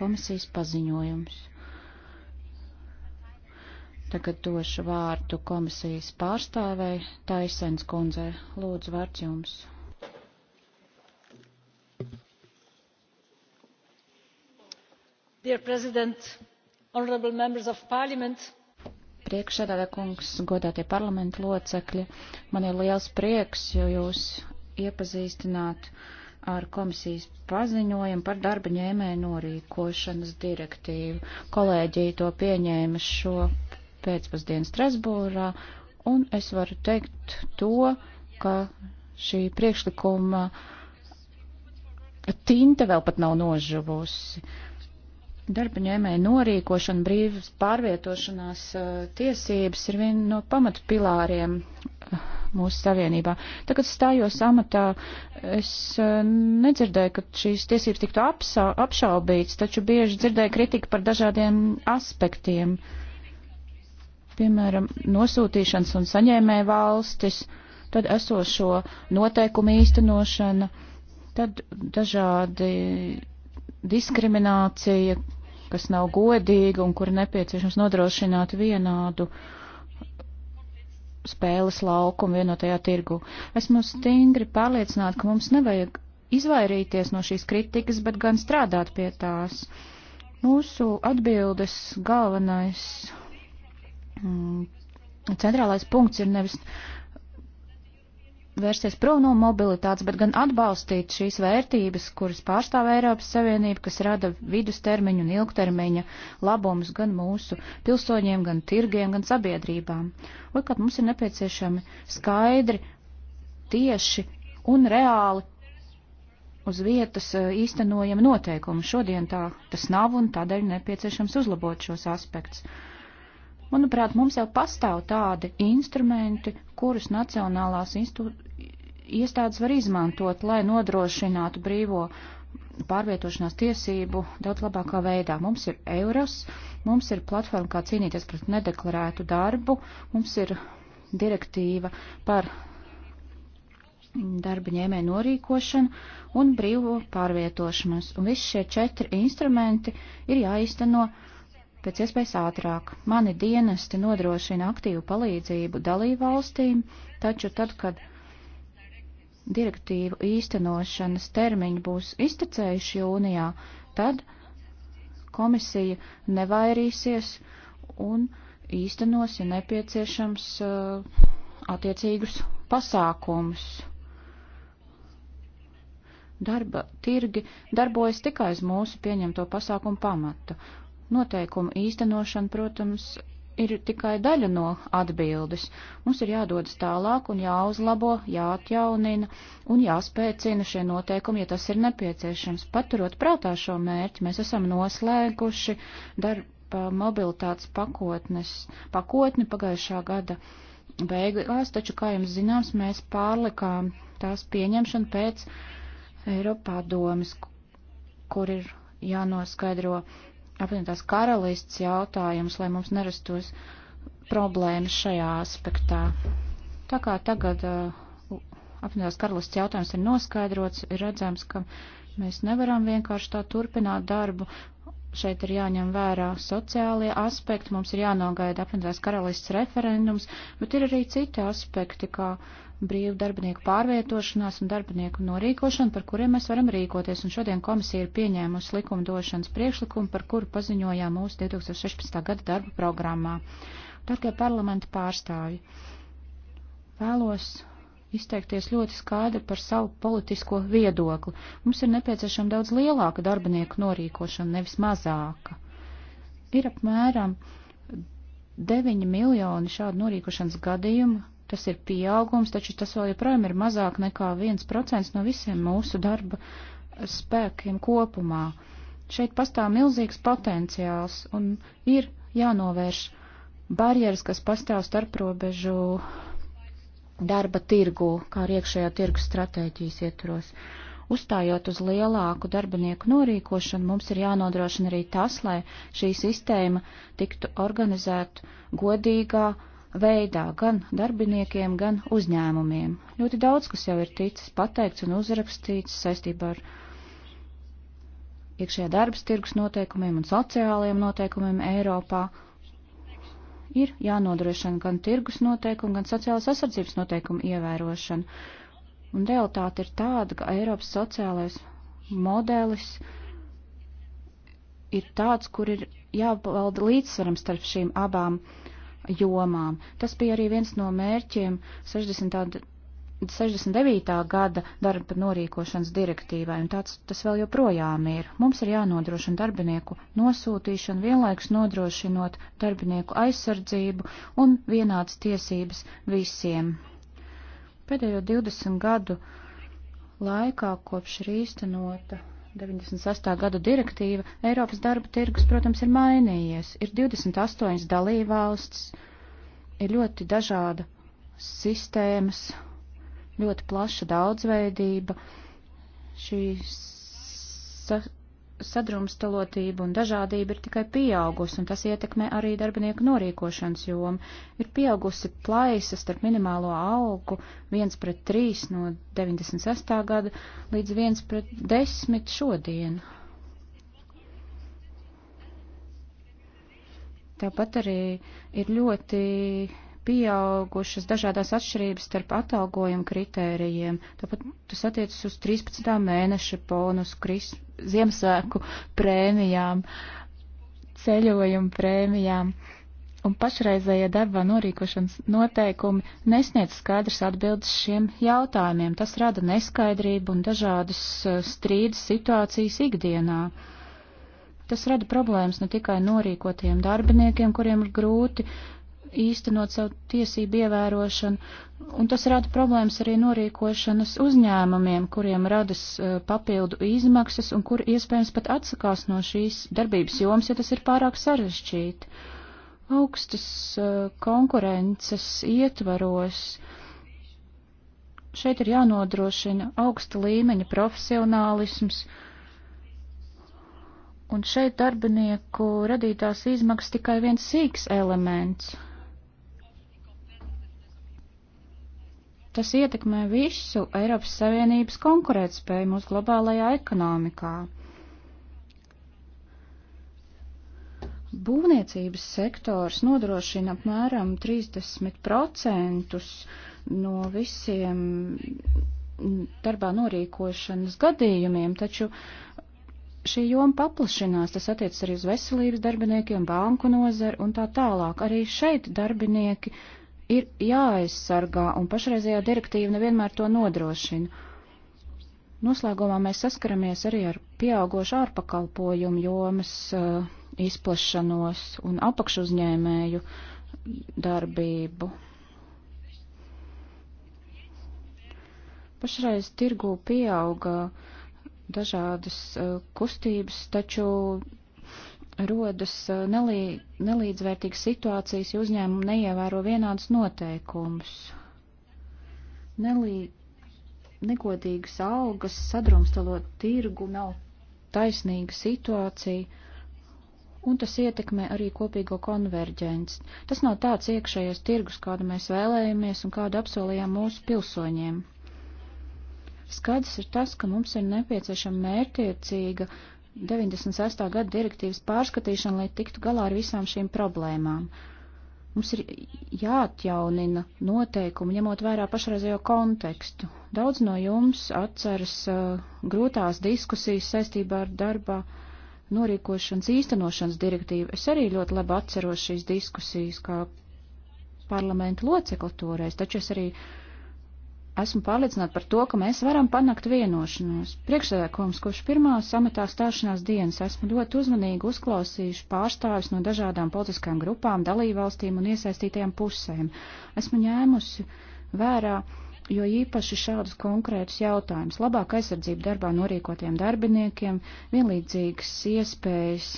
komisijas paziņojums. Tagad došu vārdu komisijas pārstāvei Taisens kundzei. Lūdzu, vārds jums. Dear President, honorable members of parliament, priekšsēdētā kungs, godātie parlamentu locekļi, man ir liels prieks, jo jūs iepazīstināt uh, ar komisijas paziņojumu par darba ņēmēju norīkošanas direktīvu. Kolēģija to pieņēma šo pēcpusdienu Strasbūrā, un es varu teikt to, ka šī priekšlikuma tinte vēl pat nav nožuvusi. Darba ņēmēja norīkošana, brīvas pārvietošanās uh, tiesības ir viena no pamatpilāriem uh, mūsu savienībā. Tagad stājos amatā, es e, nedzirdēju, ka šīs tiesības tiktu apsa, apšaubīts, taču bieži dzirdēju kritiku par dažādiem aspektiem. Piemēram, nosūtīšanas un saņēmē valstis, tad esošo noteikumu īstenošana, tad dažādi diskriminācija, kas nav godīga un kur nepieciešams nodrošināt vienādu uh, spēles laukumu vienotajā tirgu. Esmu stingri pārliecināta, ka mums nevajag izvairīties no šīs kritikas, bet gan strādāt pie tās. Mūsu atbildes galvenais mm, centrālais punkts ir nevis uh, vērsties prom no mobilitātes, bet gan atbalstīt šīs vērtības, kuras pārstāv Eiropas Savienība, kas rada vidustermiņu un ilgtermiņa labumus gan mūsu pilsoņiem, gan tirgiem, gan sabiedrībām. Otrkārt, mums ir nepieciešami skaidri, tieši un reāli uz vietas eh, īstenojami noteikumi. Šodien tā tas nav un tādēļ nepieciešams uzlabot šos aspektus. Manuprāt, mums jau pastāv tādi instrumenti, kurus nacionālās instu... iestādes var izmantot, lai nodrošinātu brīvo pārvietošanās tiesību daudz labākā veidā. Mums ir euros, mums ir platforma, kā cīnīties pret nedeklarētu darbu, mums ir direktīva par darba ņēmē norīkošanu un brīvo pārvietošanos. Un visi šie četri instrumenti ir jāizteno. No pēc iespējas ātrāk. Mani dienesti nodrošina aktīvu palīdzību dalībvalstīm, taču tad, kad direktīvu īstenošanas termiņi būs iztecējuši jūnijā, tad komisija nevairīsies un īstenos, ja nepieciešams, uh, attiecīgus pasākumus. Darba tirgi darbojas tikai uz mūsu pieņemto pasākumu pamatu, Noteikumu īstenošana, protams, ir tikai daļa no atbildes. Mums ir jādodas tālāk un jāuzlabo, jāatjaunina un jāspēcina šie noteikumi, ja tas ir nepieciešams. Paturot prātā šo mērķi, mēs esam noslēguši darba mobilitātes pakotnes, pakotni pagājušā gada beigās, taču, kā jums zināms, mēs pārlikām tās pieņemšanu pēc Eiropā domas, kur ir jānoskaidro apvienotās karalists jautājums, lai mums nerastos problēmas šajā aspektā. Tā kā tagad uh, apvienotās karalists jautājums ir noskaidrots, ir redzams, ka mēs nevaram vienkārši tā turpināt darbu. Šeit ir jāņem vērā sociālie aspekti, mums ir jānogaida apvienotās karalists referendums, bet ir arī citi aspekti, kā uh, brīvu darbinieku pārvietošanās un darbinieku norīkošanu, par kuriem mēs varam rīkoties, un šodien komisija ir pieņēmusi likumdošanas priekšlikumu, par kuru paziņojām mūsu 2016. gada darba programmā. Dargie parlamenta pārstāvi, vēlos izteikties ļoti skaidri par savu politisko viedokli. Mums ir nepieciešama daudz lielāka darbinieku norīkošana, nevis mazāka. Ir apmēram 9 miljoni šādu norīkošanas gadījumu, Tas ir pieaugums, taču tas vēl joprojām ir mazāk nekā 1% no visiem mūsu darba spēkiem kopumā. Šeit pastāv milzīgs potenciāls un ir jānovērš barjeras, kas pastāv starprobežu darba tirgu, kā arī iekšējā tirgus stratēģijas ietvaros. Uzstājot uz lielāku darbinieku norīkošanu, mums ir jānodrošina arī tas, lai šī sistēma tiktu organizēta godīgā, uh, veidā gan darbiniekiem, gan uzņēmumiem. Ļoti daudz, kas jau ir ticis pateikts un uzrakstīts saistībā ar iekšējā darbas tirgus noteikumiem un sociālajiem noteikumiem Eiropā, ir jānodrošina gan tirgus noteikumu, gan sociālās aizsardzības noteikumu ievērošana. Un realitāte ir tāda, ka Eiropas sociālais modelis ir tāds, kur ir jābalda līdzsvaram starp šīm abām uh, jomām. Tas bija arī viens no mērķiem 60. 69. gada darba norīkošanas direktīvai, un tāds tas vēl joprojām ir. Mums ir jānodrošina darbinieku nosūtīšana, vienlaiks nodrošinot darbinieku aizsardzību un vienādas tiesības visiem. Pēdējo 20 gadu laikā, kopš ir īstenota 98. gada direktīva, Eiropas darba tirgus, protams, ir mainījies. Ir 28 dalībvalsts, ir ļoti dažāda sistēmas, ļoti plaša daudzveidība. Šī sa sadrumstalotība un dažādība ir tikai pieaugusi, un tas ietekmē arī darbinieku norīkošanas jomu. Ir pieaugusi plaisa starp minimālo algu 1 pret 3 no 96. gada līdz 1 pret 10 šodien. Tāpat arī ir ļoti pieaugušas dažādās atšķirības starp atalgojumu kritērijiem. Tāpat tas attiecas uz 13. mēneša bonus, kris, Ziemassvētku prēmijām, ceļojumu prēmijām. Un pašreizējie darbā norīkošanas noteikumi nesniedz skaidrs atbildes šiem jautājumiem. Tas rada neskaidrību un dažādas uh, strīdas situācijas ikdienā. Tas rada problēmas ne tikai norīkotiem darbiniekiem, kuriem ir grūti uh, īstenot savu tiesību ievērošanu, un tas rada problēmas arī norīkošanas uzņēmumiem, kuriem radas uh, eh, papildu izmaksas un kur iespējams pat atsakās no šīs darbības jomas, ja tas ir pārāk sarežģīti. Augstas uh, konkurences ietvaros šeit ir jānodrošina augsta līmeņa profesionālisms, un šeit darbinieku radītās izmaksas tikai viens sīks elements – Tas ietekmē visu Eiropas Savienības konkurētspēju mūsu globālajā ekonomikā. Būvniecības sektors nodrošina apmēram 30% no visiem darbā norīkošanas gadījumiem, taču šī joma paplašinās, tas attiecas arī uz veselības darbiniekiem, banku nozaru un tā tālāk. Arī šeit darbinieki ir jāaizsargā, un pašreizējā direktīva nevienmēr to nodrošina. Noslēgumā mēs saskaramies arī ar pieaugošu ārpakalpojumu jomas uh, izplašanos un apakšuzņēmēju darbību. Pašreiz tirgū pieauga dažādas uh, kustības, taču rodas uh, nelī, nelīdzvērtīgas situācijas, ja uzņēmumi neievēro vienādus noteikumus. Nelī, negodīgas algas, sadrumstalot tirgu, nav taisnīga situācija, un tas ietekmē arī kopīgo konverģenci. Tas nav tāds iekšējais tirgus, kādu mēs vēlējamies un kādu apsolījām mūsu pilsoņiem. Skaidrs ir tas, ka mums ir nepieciešama mērtiecīga 96. gada direktīvas pārskatīšanu, lai tiktu galā ar visām šīm problēmām. Mums ir jāatjaunina noteikumi, ņemot vērā pašreizējo kontekstu. Daudz no jums atceras uh, grūtās diskusijas saistībā ar darbā norīkošanas īstenošanas direktīvu. Es arī ļoti labi atceros šīs diskusijas kā parlamenta locekli toreiz, taču es arī uh, esmu pārliecināta par to, ka mēs varam panākt vienošanos. Priekšsēdēkums, kopš pirmā sametā stāšanās dienas esmu ļoti uzmanīgi uzklausījuši pārstāvis no dažādām politiskām grupām, dalībvalstīm un iesaistītajām pusēm. Esmu ņēmusi vērā, jo īpaši šādus konkrētus jautājumus - labāka aizsardzība darbā norīkotiem darbiniekiem, vienlīdzīgas iespējas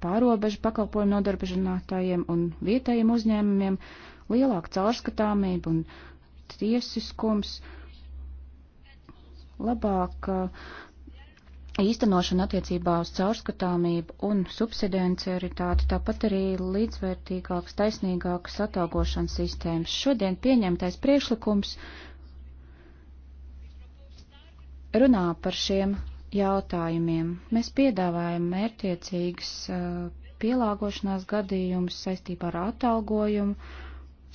pārobežu pakalpojumu nodarbežinātājiem un vietējiem uzņēmumiem, lielāka caurskatāmība un tiesiskums, labāka uh, īstenošana attiecībā uz caurskatāmību un subsidianciaritāti, tāpat arī līdzvērtīgāks, taisnīgāks atalgošanas sistēmas. Šodien pieņemtais priekšlikums runā par šiem jautājumiem. Mēs piedāvājam mērķiecīgas uh, pielāgošanās gadījumus saistībā ar atalgojumu.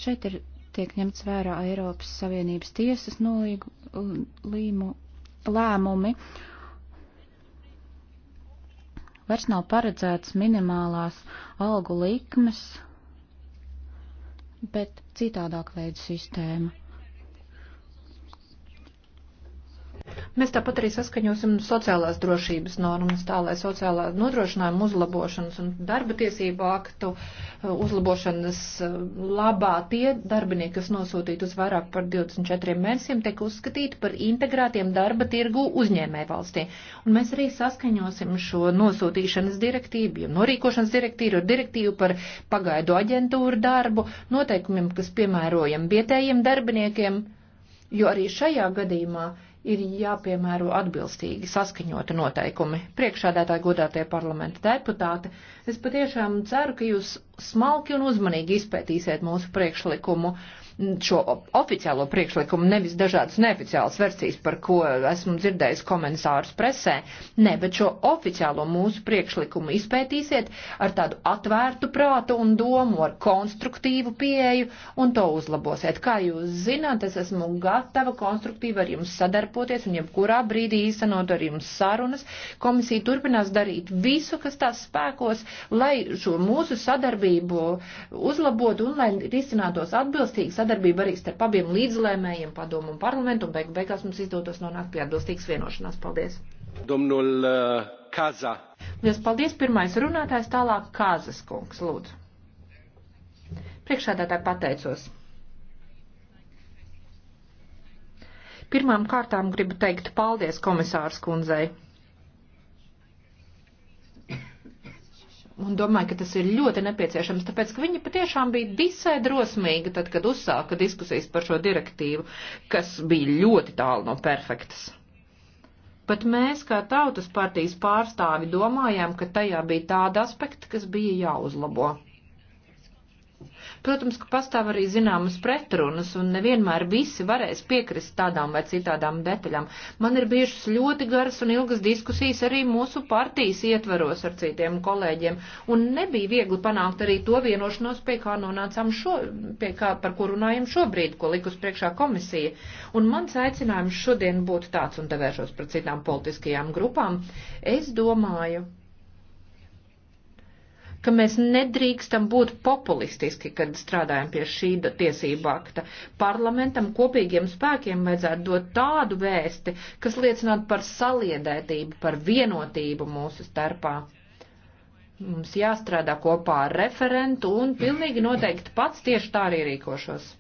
Šeit ir tiek ņemts vērā Eiropas Savienības tiesas nolīgu, uh, līmu, lēmumi. Vairs nav paredzēts minimālās algu likmes, bet citādāk veidu sistēma. Mēs tāpat arī saskaņosim sociālās drošības normas tā, lai sociālā nodrošinājuma uzlabošanas un darba tiesību aktu uh, uzlabošanas uh, labā tie darbinieki, kas nosūtīti uz vairāk par 24 mēnesiem, tiek uzskatīti par integrētiem darba tirgu uzņēmē valstī. Un mēs arī saskaņosim šo nosūtīšanas direktīvu, jo norīkošanas direktīvu ir direktīvu par pagaidu aģentūru darbu, noteikumiem, kas piemērojam vietējiem darbiniekiem, jo arī šajā gadījumā ir jāpiemēro atbilstīgi saskaņota noteikumi. Priekšādētāji godātie parlamenta deputāti, es patiešām ceru, ka jūs smalki un uzmanīgi izpētīsiet mūsu priekšlikumu šo oficiālo priekšlikumu, nevis dažādas neoficiālas versijas, par ko esmu dzirdējis komentārus presē. Nē, bet šo oficiālo mūsu priekšlikumu izpētīsiet ar tādu atvērtu prātu un domu, ar konstruktīvu pieeju un to uzlabosiet. Kā jūs zināt, es esmu gatava konstruktīvi ar jums sadarboties un jebkurā brīdī īstenot ar jums sarunas. Komisija turpinās darīt visu, kas tās spēkos, lai šo mūsu sadarbību uzlabotu un lai risinātos atbilstīgi sadarbības sadarbība arī starp abiem līdzlēmējiem, padomu un parlamentu, un beig beigās mums izdotos nonākt pie atbilstīgas vienošanās. Paldies! Domnul uh, Kaza. Liels paldies! Pirmais runātājs tālāk Kazas kungs, lūdzu. Priekšādātāji pateicos. Pirmām kārtām gribu teikt paldies komisārs kundzei. Un domāju, ka tas ir ļoti nepieciešams, tāpēc, ka viņi patiešām bija disē drosmīgi, tad, kad uzsāka diskusijas par šo direktīvu, kas bija ļoti tālu no perfektas. Pat mēs, kā tautas partijas pārstāvi, domājām, ka tajā bija tāda aspekta, kas bija jāuzlabo. Protams, ka pastāv arī zināmas pretrunas, un nevienmēr visi varēs piekrist tādām vai citādām detaļām. Man ir bijušas ļoti garas un ilgas diskusijas arī mūsu partijas ietveros ar citiem kolēģiem, un nebija viegli panākt arī to vienošanos, pie kā nonācām šo, pie kā, par ko runājam šobrīd, ko likus priekšā komisija. Un mans aicinājums šodien būtu tāds, un devēršos par citām politiskajām grupām. Es domāju, ka mēs nedrīkstam būt populistiski, kad strādājam pie šī tiesību akta. Parlamentam kopīgiem spēkiem vajadzētu dot tādu vēsti, kas liecinātu par saliedētību, par vienotību mūsu starpā. Mums jāstrādā kopā ar referentu un pilnīgi noteikti pats tieši tā arī rīkošos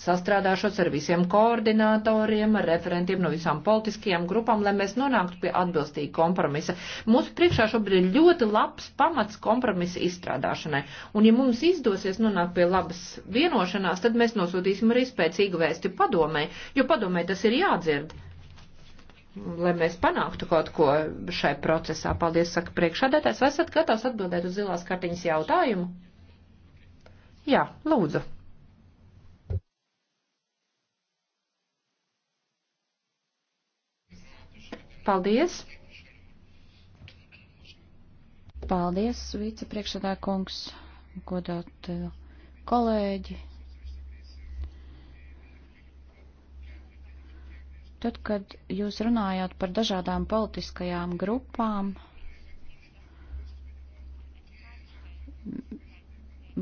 sastrādāšos ar visiem koordinatoriem, ar referentiem no visām politiskajām grupām, lai mēs nonāktu pie atbilstīga kompromisa. Mūsu priekšā šobrīd ir ļoti labs pamats kompromisa izstrādāšanai, un ja mums izdosies nonākt pie labas vienošanās, tad mēs nosūtīsim arī spēcīgu vēsti padomē, jo padomē tas ir jādzird. Lai mēs panāktu kaut ko šai procesā, paldies, saka priekšādētājs, vai esat gatavs atbildēt uz zilās kartiņas jautājumu? Jā, lūdzu. Paldies! Paldies, vicepriekšsēdā kungs, godāt eh, kolēģi. Tad, kad jūs runājāt par dažādām politiskajām grupām,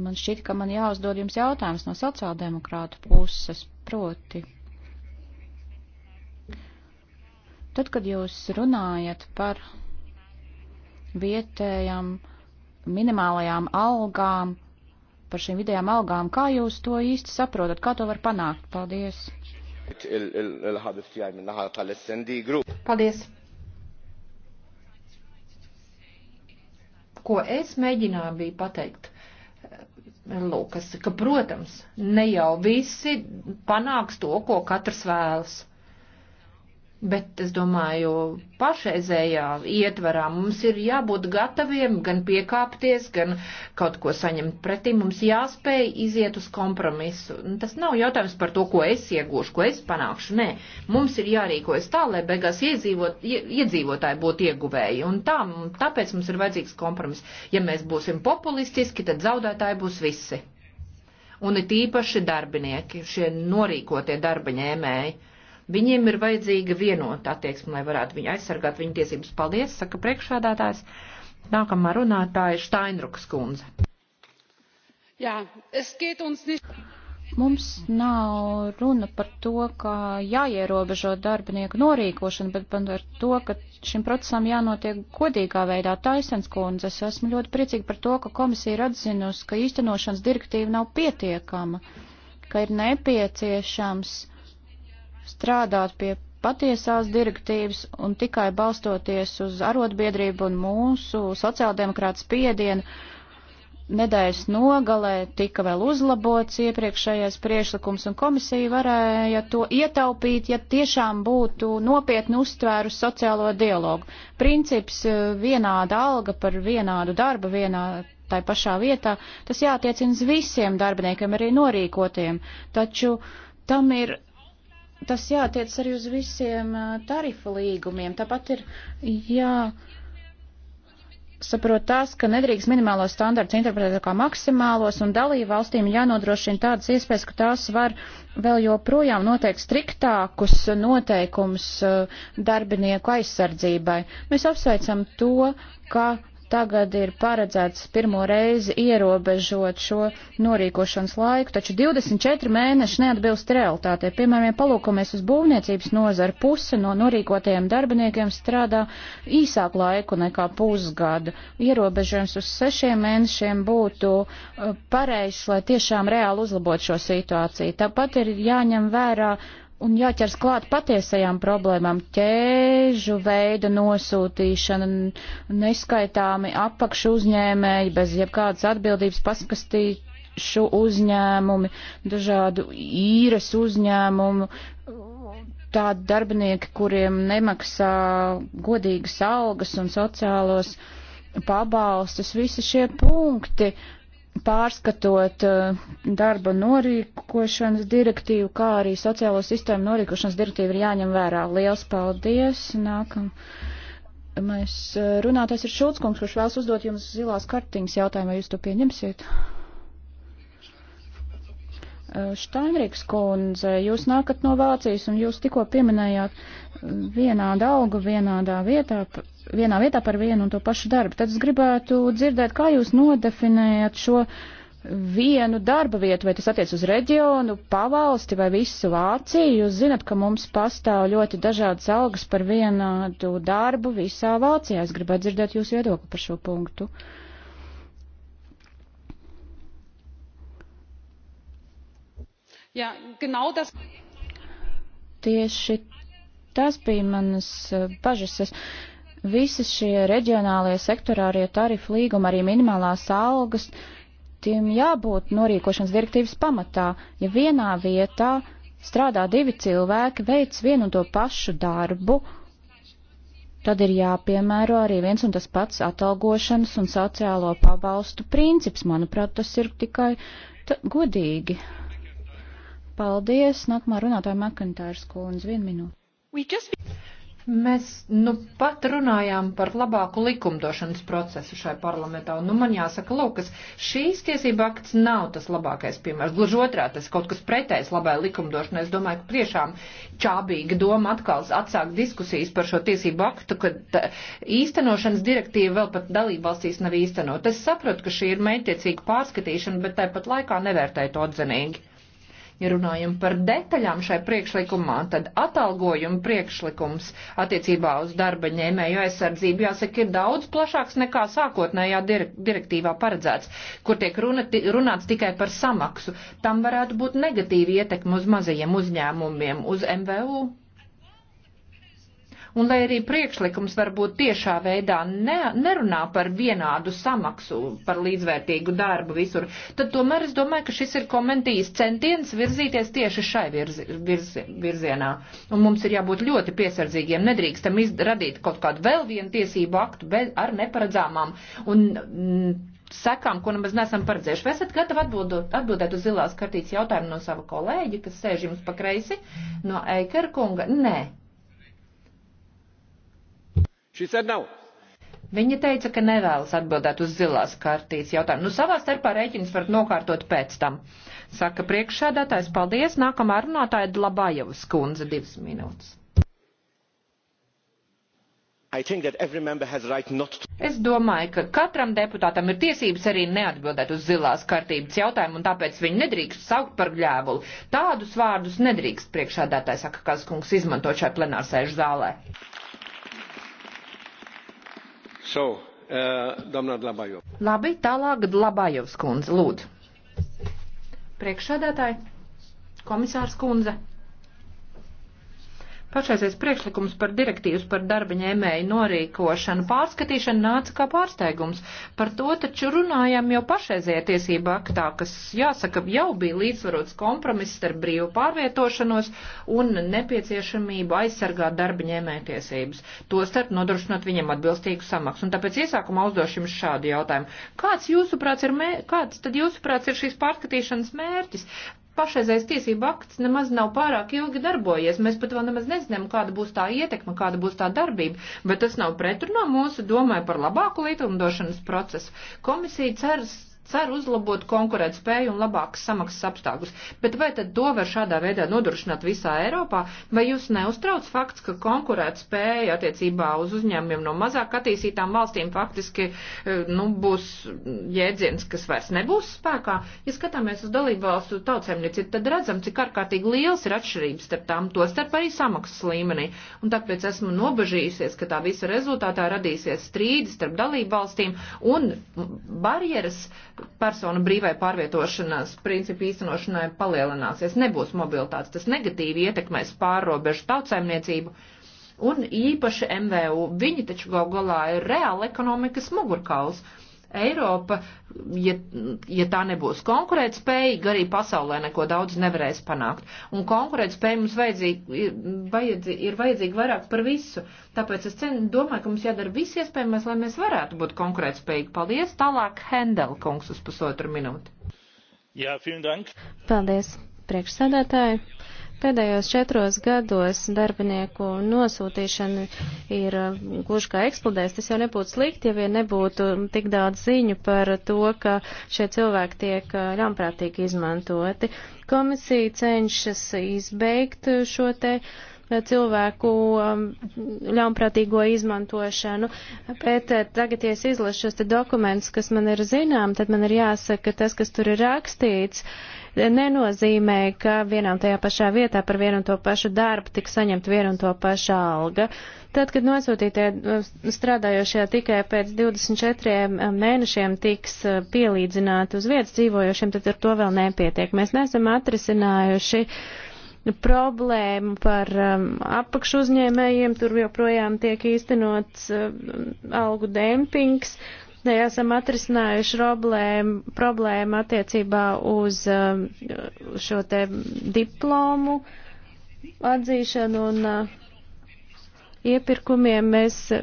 man šķiet, ka man jāuzdod jums jautājums no sociāldemokrātu puses, proti, Tad, kad jūs runājat par vietējām minimālajām algām, par šīm vidējām algām, kā jūs to īsti saprotat, kā to var panākt? Paldies! Paldies! Ko es mēģināju bija pateikt? Lūkas, ka, protams, ne jau visi panāks to, ko katrs vēlas Bet es domāju, pašreizējā ietvarā mums ir jābūt gataviem gan piekāpties, gan kaut ko saņemt pretī. Mums jāspēj iziet uz kompromisu. Tas nav jautājums par to, ko es iegūšu, ko es panākšu. Nē, mums ir jārīkojas tā, lai beigās iedzīvot, iedzīvotāji būtu ieguvēji. Un tā, tāpēc mums ir vajadzīgs kompromiss. Ja mēs būsim populistiski, tad zaudētāji būs visi. Un it īpaši darbinieki, šie norīkotie darba ņēmēji Viņiem ir vajadzīga vienota attieksme, lai varētu viņu aizsargāt viņu tiesības. Paldies, saka priekšādātājs. Nākamā runātāja ir Štainrukas kundze. Jā, es geht uns nicht. Mums nav runa par to, ka jāierobežo darbinieku norīkošanu, bet par to, ka šim procesam jānotiek godīgā veidā. Taisens kundze, es esmu ļoti priecīga par to, ka komisija ir atzinusi, ka īstenošanas direktīva nav pietiekama, ka ir nepieciešams strādāt pie patiesās direktīvas un tikai balstoties uz arotbiedrību un mūsu sociāldemokrātas piedienu. Nedēļas nogalē tika vēl uzlabots iepriekšējais priešlikums, un komisija varēja to ietaupīt, ja tiešām būtu nopietni uztvērusi sociālo dialogu. Princips e, vienāda alga par vienādu darbu vienā tai pašā vietā, tas jātiecina uz visiem darbiniekiem, arī norīkotiem, taču tam ir tas jātiec arī uz visiem tarifu līgumiem. Tāpat ir jā. Saprot tās, ka nedrīkst minimālos standartus interpretēt kā maksimālos, un dalību valstīm jānodrošina tādas iespējas, ka tās var vēl joprojām noteikt striktākus noteikumus darbinieku aizsardzībai. Mēs apsveicam to, ka Tagad ir paredzēts pirmo reizi ierobežot šo norīkošanas laiku, taču 24 mēneši neatbilst realitātei. Piemēram, ja palūkojamies uz būvniecības nozaru, puse no norīkotajiem darbiniekiem strādā īsāku laiku nekā pusgadu. Ierobežojums uz sešiem mēnešiem būtu uh, pareizs, lai tiešām reāli uzlabotu šo situāciju. Tāpat ir jāņem vērā un jāķers klāt patiesajām problēmām - ķēžu veida nosūtīšana, neskaitāmi apakšu uzņēmēji bez jebkādas atbildības paskastīšu uzņēmumi, dažādu īres uzņēmumu, tādi darbinieki, kuriem nemaksā godīgas algas un sociālos pabalstus, visi šie punkti. Uh, pārskatot eh, darba norīkošanas direktīvu, kā arī sociālo sistēmu norīkošanas direktīvu ir jāņem vērā. Liels paldies! Nākam. Mēs eh, runātais ir Šulckungs, kurš vēlas uzdot jums zilās kartiņas jautājumu, vai jūs to pieņemsiet? Eh, Štainrīks kundze, jūs nākat no Vācijas un jūs tikko pieminējāt eh, vienādu algu vienādā vietā, vienā vietā par vienu un to pašu darbu. Tad es gribētu dzirdēt, kā jūs nodefinējat šo vienu darba vietu, vai tas attiec uz reģionu, pavalsti vai visu Vāciju. Jūs zinat, ka mums pastāv ļoti dažādas algas par vienādu darbu visā Vācijā. Es gribētu dzirdēt jūsu viedokli par šo punktu. Uh, Ja, genau das... Tieši tas bija manas eh, bažas. Es, visi šie reģionālie sektorārie tarifu līgumi, arī minimālās algas, tiem jābūt norīkošanas direktīvas pamatā. Ja vienā vietā strādā divi cilvēki, veic vienu un to pašu darbu, tad ir jāpiemēro arī viens un tas pats atalgošanas un sociālo pabalstu princips. Manuprāt, tas ir tikai godīgi. Paldies. Nākamā runātāja Makantārs Kūns. Vienu minūti. Just... Mēs nu pat runājām par labāku likumdošanas procesu šai parlamentā, un nu man jāsaka, lūk, kas šīs tiesība akts nav tas labākais piemērs. Gluži otrā, tas kaut kas pretējs labai likumdošanai. Es domāju, ka priešām čābīga doma atkal atsākt diskusijas par šo tiesību aktu, kad īstenošanas direktīva vēl pat dalībvalstīs nav īstenot. Es saprotu, ka šī ir mētiecīga pārskatīšana, bet tāpat laikā nevērtēju to atzinīgi Ja runājam par detaļām šai priekšlikumā, tad atalgojuma priekšlikums attiecībā uz darba ņēmēju aizsardzību, jāsaka, ir daudz plašāks nekā sākotnējā direktīvā paredzēts, kur tiek runa, runāts tikai par samaksu. Tam varētu būt negatīva ietekme uz mazajiem uzņēmumiem, uz MVU. Un lai arī priekšlikums varbūt tiešā veidā ne, nerunā par vienādu samaksu, par līdzvērtīgu darbu visur, tad tomēr es domāju, ka šis ir komentijas centiens virzīties tieši šai virzi, virzi, virzienā. Un mums ir jābūt ļoti piesardzīgiem, nedrīkstam radīt kaut kādu vēl vienu tiesību aktu bez, ar neparedzāmām. Un, mm, sekām, ko nemaz neesam paredzējuši. Vai esat gatavi atbildot, atbildēt uz zilās kartītes jautājumu no sava kolēģa, kas sēž jums pa kreisi, no Eikera kunga? Nē. Viņa teica, ka nevēlas atbildēt uz zilās kartītes jautājumu. Nu, savā starpā rēķinus varat nokārtot pēc tam. Saka priekšsēdētājs, paldies. Nākamā runātāja Dlabājevas kundze, divas minūtes. Right to... Es domāju, ka katram deputātam ir tiesības arī neatbildēt uz zilās kartības jautājumu, un tāpēc viņu nedrīkst saukt par gļēvuli. Tādus vārdus nedrīkst priekšādātājs, saka Kazkungs, izmantot šai plenārsēžu zālē. So, uh, Labi, tālāk Labājovs kundze, lūdzu. Priekšsādātāji, komisārs kundze. Pašreizies priekšlikums par direktīvas par darba ņēmēju norīkošanu pārskatīšana nāca kā pārsteigums. Par to taču runājām jau pašreizējā tiesība aktā, kas, jāsaka, jau bija līdzsvarots kompromiss starp brīvu pārvietošanos un nepieciešamību aizsargāt darba ņēmēju tiesības. Tostarp nodrošinot viņiem atbilstīgu samaksu. Un tāpēc iesākumā uzdošu jums šādu jautājumu. Kāds, jūsuprāt, ir, mē... Kāds tad jūsuprāt ir šīs pārskatīšanas mērķis? pašreizais tiesību akts nemaz nav pārāk ilgi darbojies. Mēs pat vēl nemaz nezinām, kāda būs tā ietekme, kāda būs tā darbība, bet tas nav pretrunā mūsu domai par labāku likumdošanas procesu. Komisija ceras cer uzlabot konkurēt spēju un labākas samaksas apstākļus. Bet vai tad to var šādā veidā nodrošināt visā Eiropā, vai jūs neuztrauc fakts, ka konkurēt spēja attiecībā uz uzņēmumiem no mazāk attīstītām valstīm faktiski e, nu, būs jēdziens, kas vairs nebūs spēkā? Ja skatāmies uz dalību valstu tautsēmniecību, tad redzam, cik ārkārtīgi liels ir atšķirības starp tām, to starp arī samaksas līmenī. Un tāpēc esmu nobežījusies, ka tā visa rezultātā radīsies strīdi starp dalību valstīm un barjeras personu brīvai pārvietošanās principu īstenošanai palielināsies, nebūs mobilitātes, tas negatīvi ietekmēs pārrobežu tautsēmniecību un īpaši MVU. Viņi taču gal galā ir reāla ekonomikas mugurkauls. Eiropa, ja, ja tā nebūs konkurētspējīga, arī pasaulē neko daudz nevarēs panākt. Un konkurētspēja mums vajadzīgi, vajadzīgi, ir vajadzīga vairāk par visu. Tāpēc es cenu, domāju, ka mums jādara viss iespējamais, lai mēs varētu būt konkurētspējīgi. Paldies! Tālāk Hendel kungs uz pusotru minūti. Jā, vielen dank! Paldies, priekšsēdētāji! Pēdējos četros gados darbinieku nosūtīšana ir eh, gluži kā eksplodēs. Tas jau nebūtu slikti, ja vien nebūtu tik daudz ziņu par to, ka šie cilvēki tiek eh, ļaunprātīgi izmantoti. Komisija cenšas izbeigt šo te uh, cilvēku um, ļaunprātīgo izmantošanu. Bet eh, tagad, ja es izlašu šos te dokumentus, kas man ir zinām, tad man ir jāsaka, ka tas, kas tur ir rakstīts, nenozīmē, ka vienā un tajā pašā vietā par vienu un to pašu darbu tik saņemt vienu un to pašu alga. Tad, kad nosūtītie eh, strādājošie tikai pēc 24 eh, mēnešiem tiks pielīdzināti uz vietas dzīvojošiem, tad ar to vēl nepietiek. Mēs neesam atrisinājuši uh, problēmu par um, apakšu uzņēmējiem, tur joprojām tiek īstenots um, algu dempings. Ne, esam atrisinājuši problēmu, problēmu attiecībā uz um, šo te diplomu atzīšanu un uh, iepirkumiem. Mēs uh,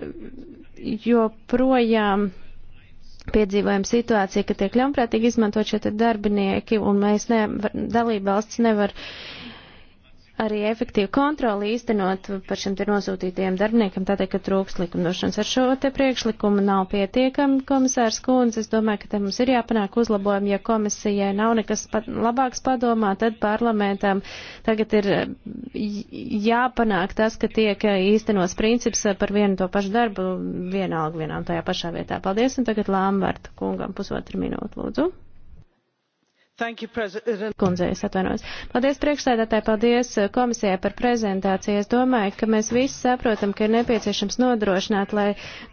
joprojām piedzīvojam situāciju, ka tiek ļaunprātīgi izmantot šie darbinieki un mēs ne, dalībvalsts nevar. Uh, arī efektīvu kontroli īstenot par šiem te nosūtītajiem darbiniekiem, tādēļ, ka trūks likumdošanas. Ar šo te priekšlikumu nav pietiekami, komisārs Kūns. Es domāju, ka te mums ir jāpanāk uzlabojumi. Ja komisijai nav nekas pat labāks padomā, tad parlamentam tagad ir eh, jāpanāk tas, ka tiek eh, īstenots princips eh, par vienu to pašu darbu vienalga vienām tajā pašā vietā. Paldies, un tagad Lāmvārta kungam pusotru minūtu, lūdzu. You, Kundze, es atvainojos. Paldies priekšsēdētāji, paldies eh, komisijai par prezentāciju. Es domāju, ka mēs visi saprotam, ka ir nepieciešams nodrošināt, lai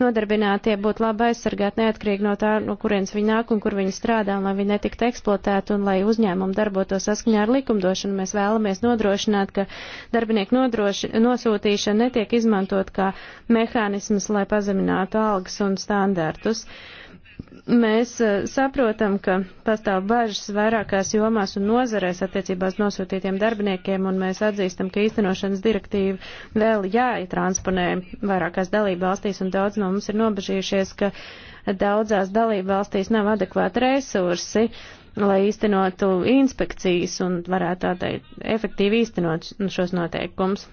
nodarbinātie būtu labi aizsargāti neatkarīgi no tā, no kurienes viņi nāk un kur viņi strādā, un lai viņi netiktu eksploatēti un lai uzņēmumi darbotos saskaņā ar likumdošanu. Mēs vēlamies nodrošināt, ka darbinieku nodroši, nosūtīšana netiek izmantot kā mehānisms, lai pazeminātu algas un standartus. Uh, mēs e, saprotam, ka pastāv bažas vairākās jomās un nozarēs attiecībās nosūtītiem darbiniekiem, un mēs atzīstam, ka īstenošanas direktīva vēl jāitransponē vairākās dalība valstīs, un daudz no mums ir nobežījušies, ka daudzās dalība valstīs nav adekvāti resursi, lai īstenotu inspekcijas un varētu tādai efektīvi īstenot šos noteikumus.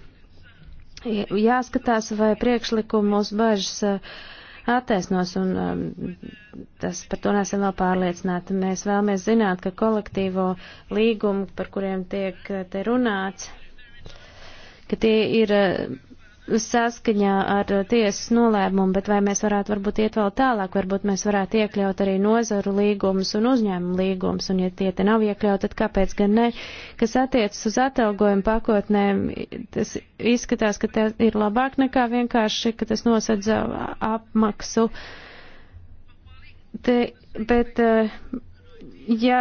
Jāskatās, vai priekšlikumus bažas. Uh, attaisnos, un um, tas par to nesam vēl pārliecināti. Mēs vēlamies zināt, ka kolektīvo līgumu, par kuriem tiek uh, te runāts, ka tie ir uh, saskaņā ar uh, tiesas nolēmumu, bet vai mēs varētu varbūt iet vēl tālāk, varbūt mēs varētu iekļaut arī nozaru līgumus un uzņēmumu līgumus, un ja tie te nav iekļaut, tad kāpēc gan ne? Kas attiecas uz atalgojumu pakotnēm, tas izskatās, ka te ir labāk nekā vienkārši, ka tas nosedz apmaksu. Te, bet, uh, ja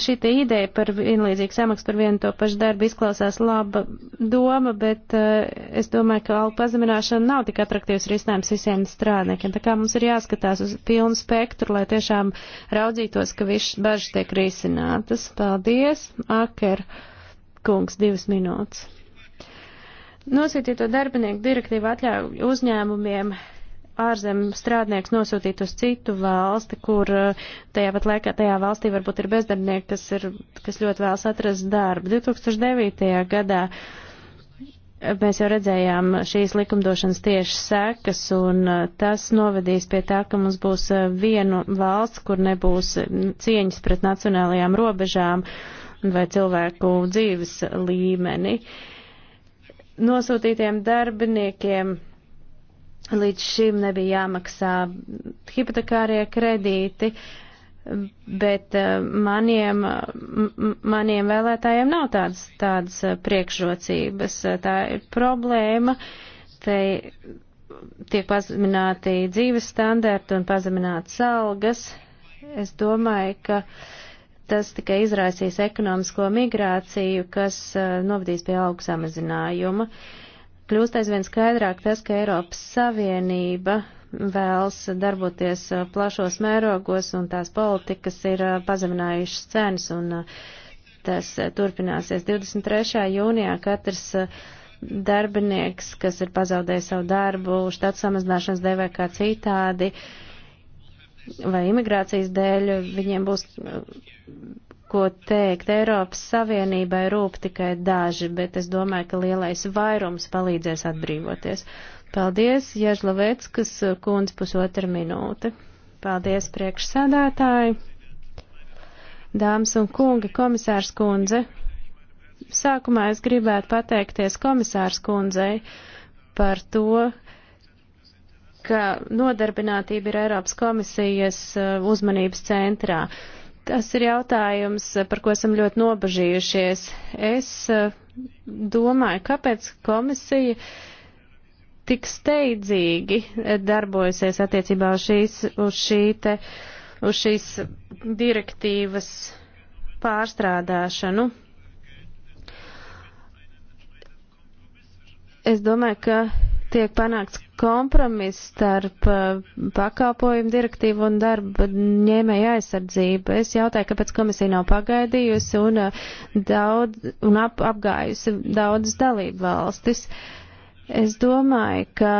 šī ideja par vienlīdzīgu samaksu par vienu to pašu darbu izklausās laba doma, bet uh, es domāju, ka algu pazemināšana nav tik atraktīvs risinājums visiem strādniekiem. Tā kā mums ir jāskatās uz pilnu spektru, lai tiešām raudzītos, ka viss bažas tiek risinātas. Paldies, Aker kungs, divas minūtes. Nosītīto darbinieku direktīvu atļauj uzņēmumiem ārzem strādnieks nosūtīt uz citu valsti, kur eh, tajā pat laikā tajā valstī varbūt ir bezdarbnieki, kas, ir, kas ļoti vēlas atrast darbu. 2009. gadā eh, mēs jau redzējām šīs likumdošanas tieši sekas, un eh, tas novedīs pie tā, ka mums būs vienu valsts, kur nebūs mm, cieņas pret nacionālajām robežām vai cilvēku dzīves līmeni. Nosūtītiem darbiniekiem Līdz šim nebija jāmaksā hipotekārie kredīti, bet eh, maniem, maniem vēlētājiem nav tādas, tādas eh, priekšrocības. Eh, tā ir problēma. Te tiek pazemināti dzīves standarti un pazemināts algas. Es domāju, ka tas tikai izraisīs ekonomisko migrāciju, kas novadīs pie augu samazinājuma. Uh, Kļūst aizvien skaidrāk tas, ka Eiropas Savienība vēlas darboties uh, plašos mērogos un tās politikas ir uh, pazeminājušas cenas un uh, tas turpināsies 23. jūnijā katrs darbinieks, kas ir pazaudējis savu darbu, štats samazināšanas dēļ vai kā citādi, vai imigrācijas dēļ, viņiem būs ko teikt. Eiropas Savienībai rūp tikai daži, bet es domāju, ka lielais vairums palīdzēs atbrīvoties. Paldies, Ježlaveckas kundze pusotra minūte. Paldies, priekšsēdētāji. Dāmas un kungi, komisārs kundze. Sākumā es gribētu pateikties komisārs kundzei par to, ka nodarbinātība ir Eiropas komisijas uh, uzmanības centrā. Uh, Tas ir jautājums, par ko esam ļoti nobažījušies. Es eh, domāju, kāpēc komisija tik steidzīgi darbojusies attiecībā uz šīs, uz šī te, uz šīs direktīvas pārstrādāšanu. Es domāju, ka tiek panākts kompromiss starp uh, pakāpojumu direktīvu un darba ņēmēja aizsardzību. Es jautāju, kāpēc komisija nav pagaidījusi un, uh, daudz, un ap, apgājusi daudzas dalību valstis. Es domāju, ka,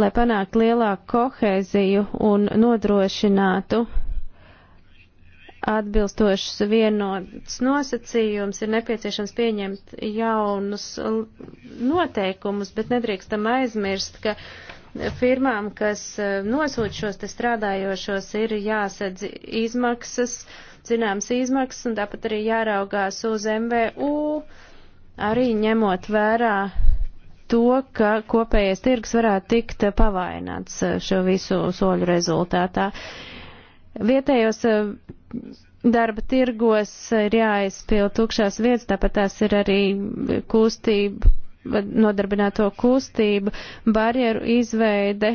lai panāktu lielāku kohēziju un nodrošinātu atbilstošs vienots nosacījums, ir nepieciešams pieņemt jaunus noteikumus, bet nedrīkstam aizmirst, ka firmām, kas e, nosūt šos te strādājošos, ir jāsadz izmaksas, zināms izmaksas, un tāpat arī jāraugās uz MVU, arī ņemot vērā to, ka kopējais tirgs varētu tikt pavaināts e, šo visu soļu rezultātā. Uh, Vietējos eh, darba tirgos ir jāaizpild tukšās vietas, tāpat tās ir arī kustība, nodarbināto kustību, barjeru izveide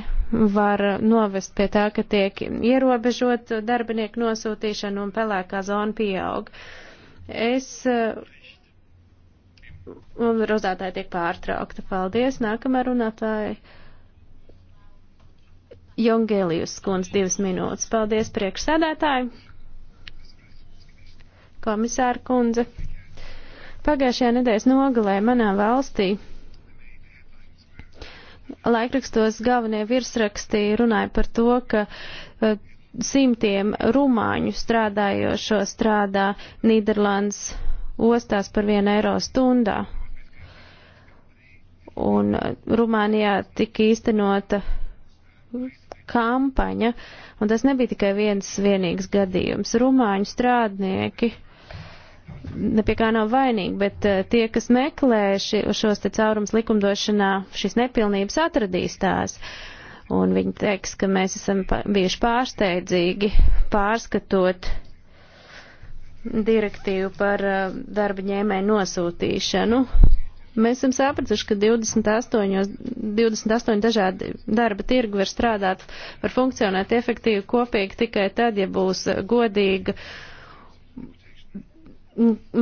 var novest pie tā, ka tiek ierobežot darbinieku nosūtīšanu un pelēkā zona pieaug. Es eh, un rozātāja tiek pārtraukta. Paldies, nākamā runātāja. Jungēlijus skundz divas minūtes. Paldies priekšsēdētāji, komisāra kundze. Pagājušajā nedēļas nogalē manā valstī laikrakstos galvenie virsrakstī runāja par to, ka eh, simtiem rumāņu strādājošo strādā Nīderlandes ostās par vienu eiro stundā. Un eh, Rumānijā tika īstenota kampaņa, un tas nebija tikai viens vienīgs gadījums. Rumāņu strādnieki pie kā nav vainīgi, bet eh, tie, kas meklē ši, šos te caurums likumdošanā, šīs nepilnības atradīs tās. Un viņi teiks, ka mēs esam bijuši pārsteidzīgi pārskatot direktīvu par eh, darba ņēmēju nosūtīšanu, Mēs esam sapratuši, ka 28, 28 dažādi darba tirgi var strādāt, var funkcionēt efektīvi kopīgi tikai tad, ja būs godīga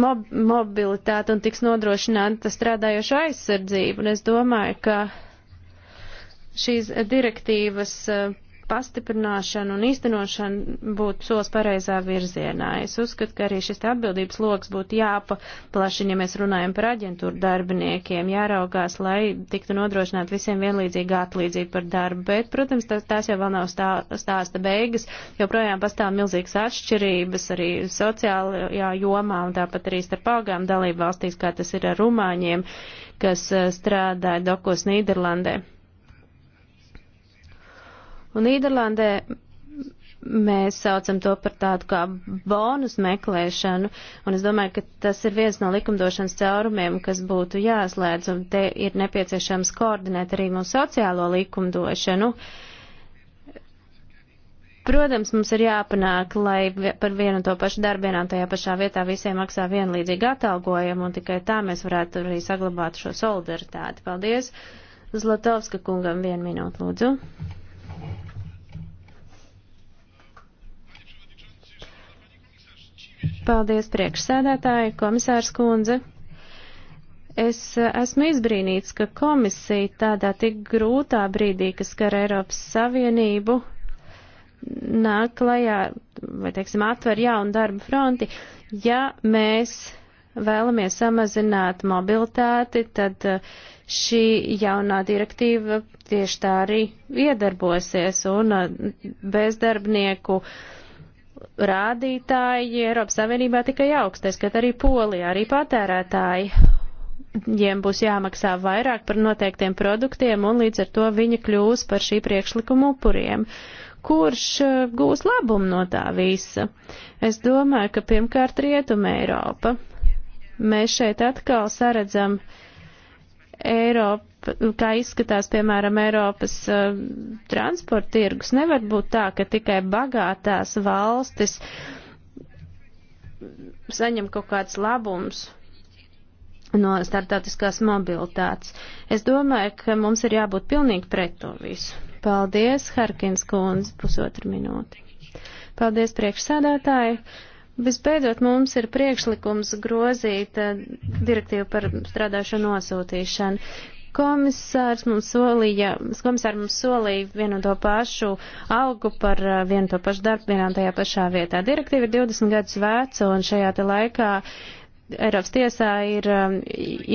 mob mobilitāte un tiks nodrošināta strādājoša aizsardzība. Un es domāju, ka šīs direktīvas uh, pastiprināšana un īstenošana būtu solis pareizā virzienā. Es uzskatu, ka arī šis atbildības loks būtu jāpaplašina, ja mēs runājam par aģentūru darbiniekiem, jāraugās, lai tiktu nodrošināt visiem vienlīdzīga atlīdzība par darbu. Bet, protams, tās, tās jau vēl nav stā, stāsta beigas, joprojām pastāv milzīgas atšķirības arī sociālajā jomā un tāpat arī starp augām dalību valstīs, kā tas ir ar rumāņiem, kas eh, strādāja dokos Nīderlandē. Un Nīderlandē mēs saucam to par tādu kā bonus meklēšanu, un es domāju, ka tas ir viens no likumdošanas caurumiem, kas būtu jāslēdz, un te ir nepieciešams koordinēt arī mūsu sociālo likumdošanu. Protams, mums ir jāpanāk, lai par vienu un to pašu darbienām tajā pašā vietā visiem maksā vienlīdzīgi atalgojumu, un tikai tā mēs varētu arī saglabāt šo solidaritāti. Paldies! Zlatovska kungam vienu minūtu, lūdzu. Paldies priekšsēdētāji, komisārs kundze. Es esmu izbrīnīts, ka komisija tādā tik grūtā brīdī, kas skar Eiropas Savienību, nāk klajā, vai teiksim, atver jaunu darbu fronti. Ja mēs vēlamies samazināt mobilitāti, tad uh, šī jaunā direktīva tieši tā arī iedarbosies un uh, bezdarbnieku uh, rādītāji Eiropas Savienībā tikai augstais, kad arī Polija, arī patērētāji viņiem būs jāmaksā vairāk par noteiktiem produktiem, un līdz ar to viņa kļūs par šī priekšlikuma upuriem. Kurš eh, gūs labumu no tā visa? Es domāju, ka pirmkārt Rietuma Eiropa. Mēs šeit atkal saredzam uh, Eiropa, kā izskatās, piemēram, Eiropas uh, transporta tirgus, nevar būt tā, ka tikai bagātās valstis saņem kaut kāds labums no startautiskās mobilitātes. Es domāju, ka mums ir jābūt pilnīgi pret to visu. Paldies, Harkins kundze, pusotru minūti. Paldies, priekšsēdētāji. Visbeidzot, mums ir priekšlikums grozīt eh, direktīvu par strādāšanu nosūtīšanu. Komisārs mums solīja, komisārs mums solīja vienu to pašu algu par eh, vienu to pašu darbu vienā un tajā pašā vietā. Direktīva ir 20 gadus veca un šajā te laikā Eiropas tiesā ir eh,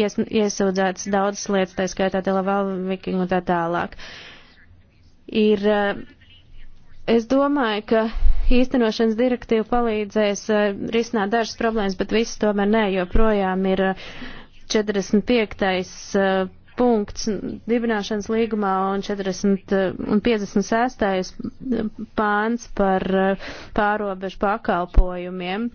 ies, iesūdzēts daudzas lietas, tā skaitā Televalviking un tā tālāk. Ir Es domāju, ka īstenošanas direktīva palīdzēs eh, risināt dažas problēmas, bet viss tomēr nē, joprojām ir 45. Eh, eh, punkts dibināšanas līgumā un, 40, un 56. pāns par pārobežu pakalpojumiem,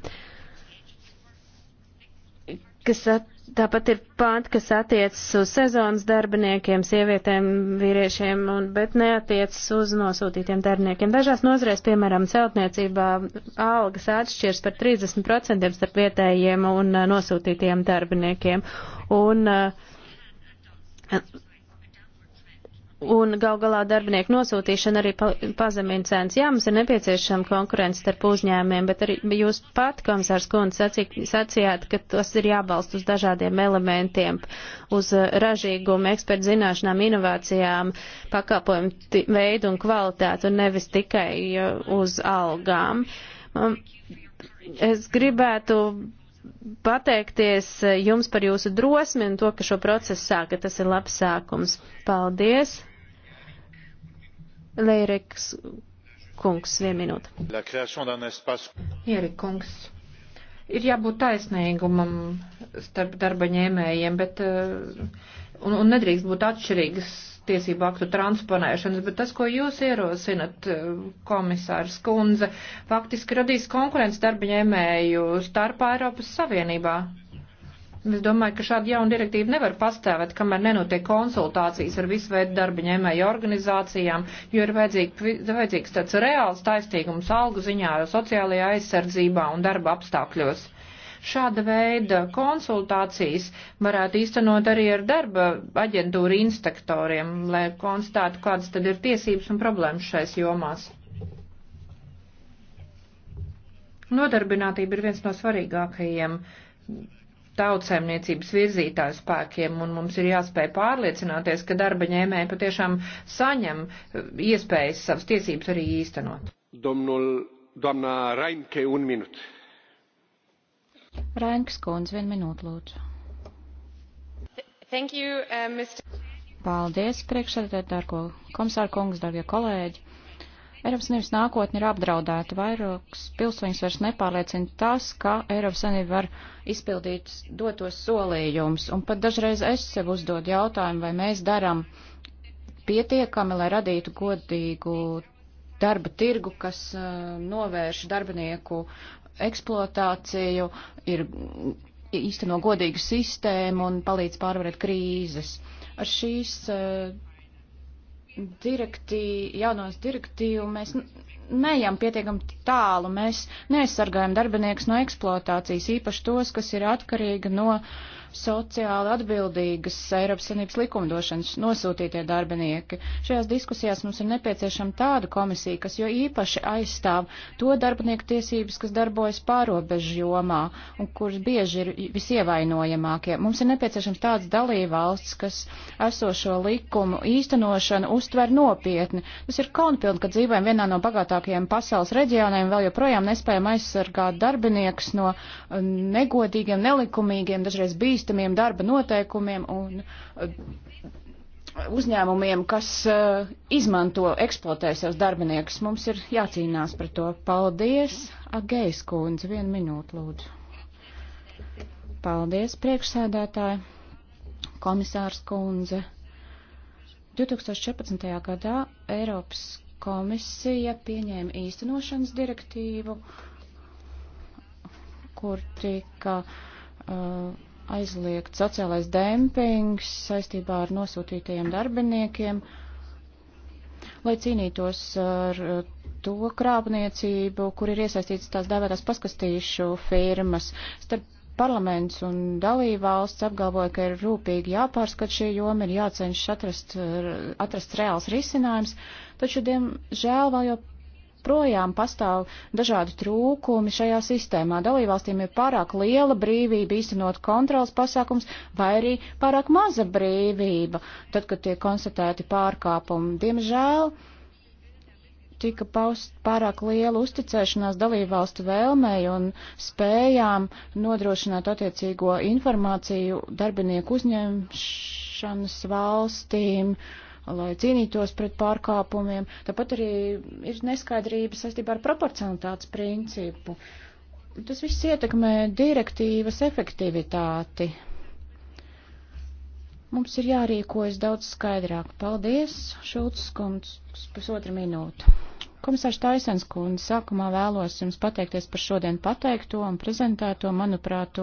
kas at, Tāpat ir pānti, kas attiecas uz sezonas darbiniekiem, sievietēm, vīriešiem, un, bet neatiecas uz nosūtītiem darbiniekiem. Dažās nozarēs, piemēram, celtniecībā, algas atšķirs par 30% starp vietējiem un nosūtītiem darbiniekiem. Un, uh, un gal galā darbinieku nosūtīšana arī pa, pazemina cenas. Jā, mums ir nepieciešama konkurence starp uzņēmumiem, bet arī jūs pat, komisārs Kundze, sacījāt, ka tas ir jābalst uz dažādiem elementiem, uz uh, ražīgumu, ekspertu zināšanām, inovācijām, pakalpojumu veidu un kvalitāti, un nevis tikai uh, uz algām. Um, es gribētu pateikties uh, jums par jūsu drosmi un to, ka šo procesu sākat. Tas ir labs sākums. Paldies! Leireks kungs, vien minūte. Ierik kungs. Ir jābūt taisnīgumam starp darba ņēmējiem, bet eh, un, un nedrīkst būt atšķirīgas tiesību aktu transponēšanas, bet tas, ko jūs ierosinat, eh, komisārs Kunze, faktiski radīs konkurence darba ņēmēju starpā Eiropas Savienībā. Es domāju, ka šāda jauna direktīva nevar pastāvēt, kamēr nenotiek konsultācijas ar visu veidu darba ņēmēju organizācijām, jo ir vajadzīg, vajadzīgs tāds reāls taistīgums algu ziņā, sociālajā aizsardzībā un darba apstākļos. Šāda veida konsultācijas varētu īstenot arī ar darba aģentūru inspektoriem, lai konstatētu, kādas tad ir tiesības un problēmas šais jomās. Nodarbinātība ir viens no svarīgākajiem uh, tautsēmniecības virzītāju spēkiem, un mums ir jāspēj pārliecināties, ka darba ņēmēji patiešām saņem eh, iespējas savas tiesības arī īstenot. Domnul, domnā Rainke, un minūte. Rainkas kundze, vienu minūtu lūdzu. Thank you, uh, Mr. Paldies, priekšsēdētāji, dārgo komisāru kungs, dārgie kolēģi. Eiropas Savienības nākotne ir apdraudēta. Vairākus pilsoņus vairs nepārliecina tas, ka Eiropas Savienība var izpildīt dotos solījumus. Un pat dažreiz es sev uzdodu jautājumu, vai mēs darām pietiekami, lai radītu godīgu darba tirgu, kas uh, novērš darbinieku eksploatāciju, ir īsteno godīgu sistēmu un palīdz pārvarēt krīzes. Ar šīs uh, direktī, jaunos direktīvu mēs neejam pietiekam tālu, mēs neaizsargājam darbiniekus no eksploatācijas, īpaši tos, kas ir atkarīgi no uh, sociāli atbildīgas Eiropas Savienības likumdošanas nosūtītie darbinieki. Šajās diskusijās mums ir nepieciešama tāda komisija, kas jo īpaši aizstāv to darbinieku tiesības, kas darbojas pārobežu jomā un kuras bieži ir visievainojamākie. Mums ir nepieciešams tāds dalībvalsts, kas esošo likumu īstenošanu uztver nopietni. Tas ir kaunpilni, ka dzīvojam vienā no bagātākajiem pasaules reģioniem, vēl joprojām nespējam aizsargāt darbiniekus no negodīgiem, nelikumīgiem, dažreiz bijis bīstamiem darba noteikumiem un eh, uzņēmumiem, kas eh, izmanto, eksploatē savus darbiniekus. Mums ir jācīnās par to. Paldies, Agejs kundze, vienu minūtu lūdzu. Paldies, priekšsēdētāji, komisārs kundze. 2014. gadā Eiropas komisija pieņēma īstenošanas direktīvu, kur tika uh, aizliegt sociālais dempings saistībā ar nosūtītajiem darbiniekiem, lai cīnītos ar uh, to krāpniecību, kur ir iesaistīts tās dēvētās paskastīšu firmas. Starp parlaments un dalībvalsts apgalvoja, ka ir rūpīgi jāpārskat šī joma, ir jācenšas atrast, uh, atrast reāls risinājums, taču, diemžēl, vēl joprojām joprojām pastāv dažādi trūkumi šajā sistēmā. Dalībvalstīm ir pārāk liela brīvība īstenot kontrols pasākums vai arī pārāk maza brīvība, tad, kad tiek konstatēti pārkāpumi. Diemžēl tika paust pārāk liela uzticēšanās dalībvalstu vēlmei un spējām nodrošināt attiecīgo informāciju darbinieku uzņemšanas valstīm. Uh, lai cīnītos pret pārkāpumiem. Tāpat arī ir neskaidrība saistībā ar proporcionalitātes principu. Tas viss ietekmē direktīvas efektivitāti. Mums ir jārīkojas daudz skaidrāk. Paldies, Šulcis kungs, pusotra minūte. Komisārs Taisens kundze, sākumā vēlos jums pateikties par šodien pateikto un prezentēto, manuprāt,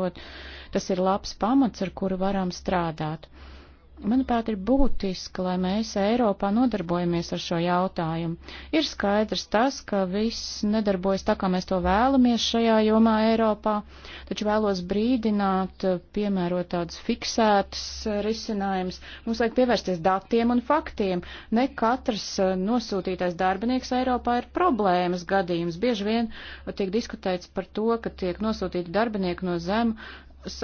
tas ir labs pamats, ar kuru varam strādāt manuprāt, ir būtiski, lai mēs Eiropā nodarbojamies ar šo jautājumu. Ir skaidrs tas, ka viss nedarbojas tā, kā mēs to vēlamies šajā jomā Eiropā, taču vēlos brīdināt, piemērot tādus fiksētus risinājumus. Mums vajag pievērsties datiem un faktiem. Ne katrs eh, nosūtītais darbinieks Eiropā ir problēmas gadījums. Bieži vien tiek diskutēts par to, ka tiek nosūtīti darbinieki no zem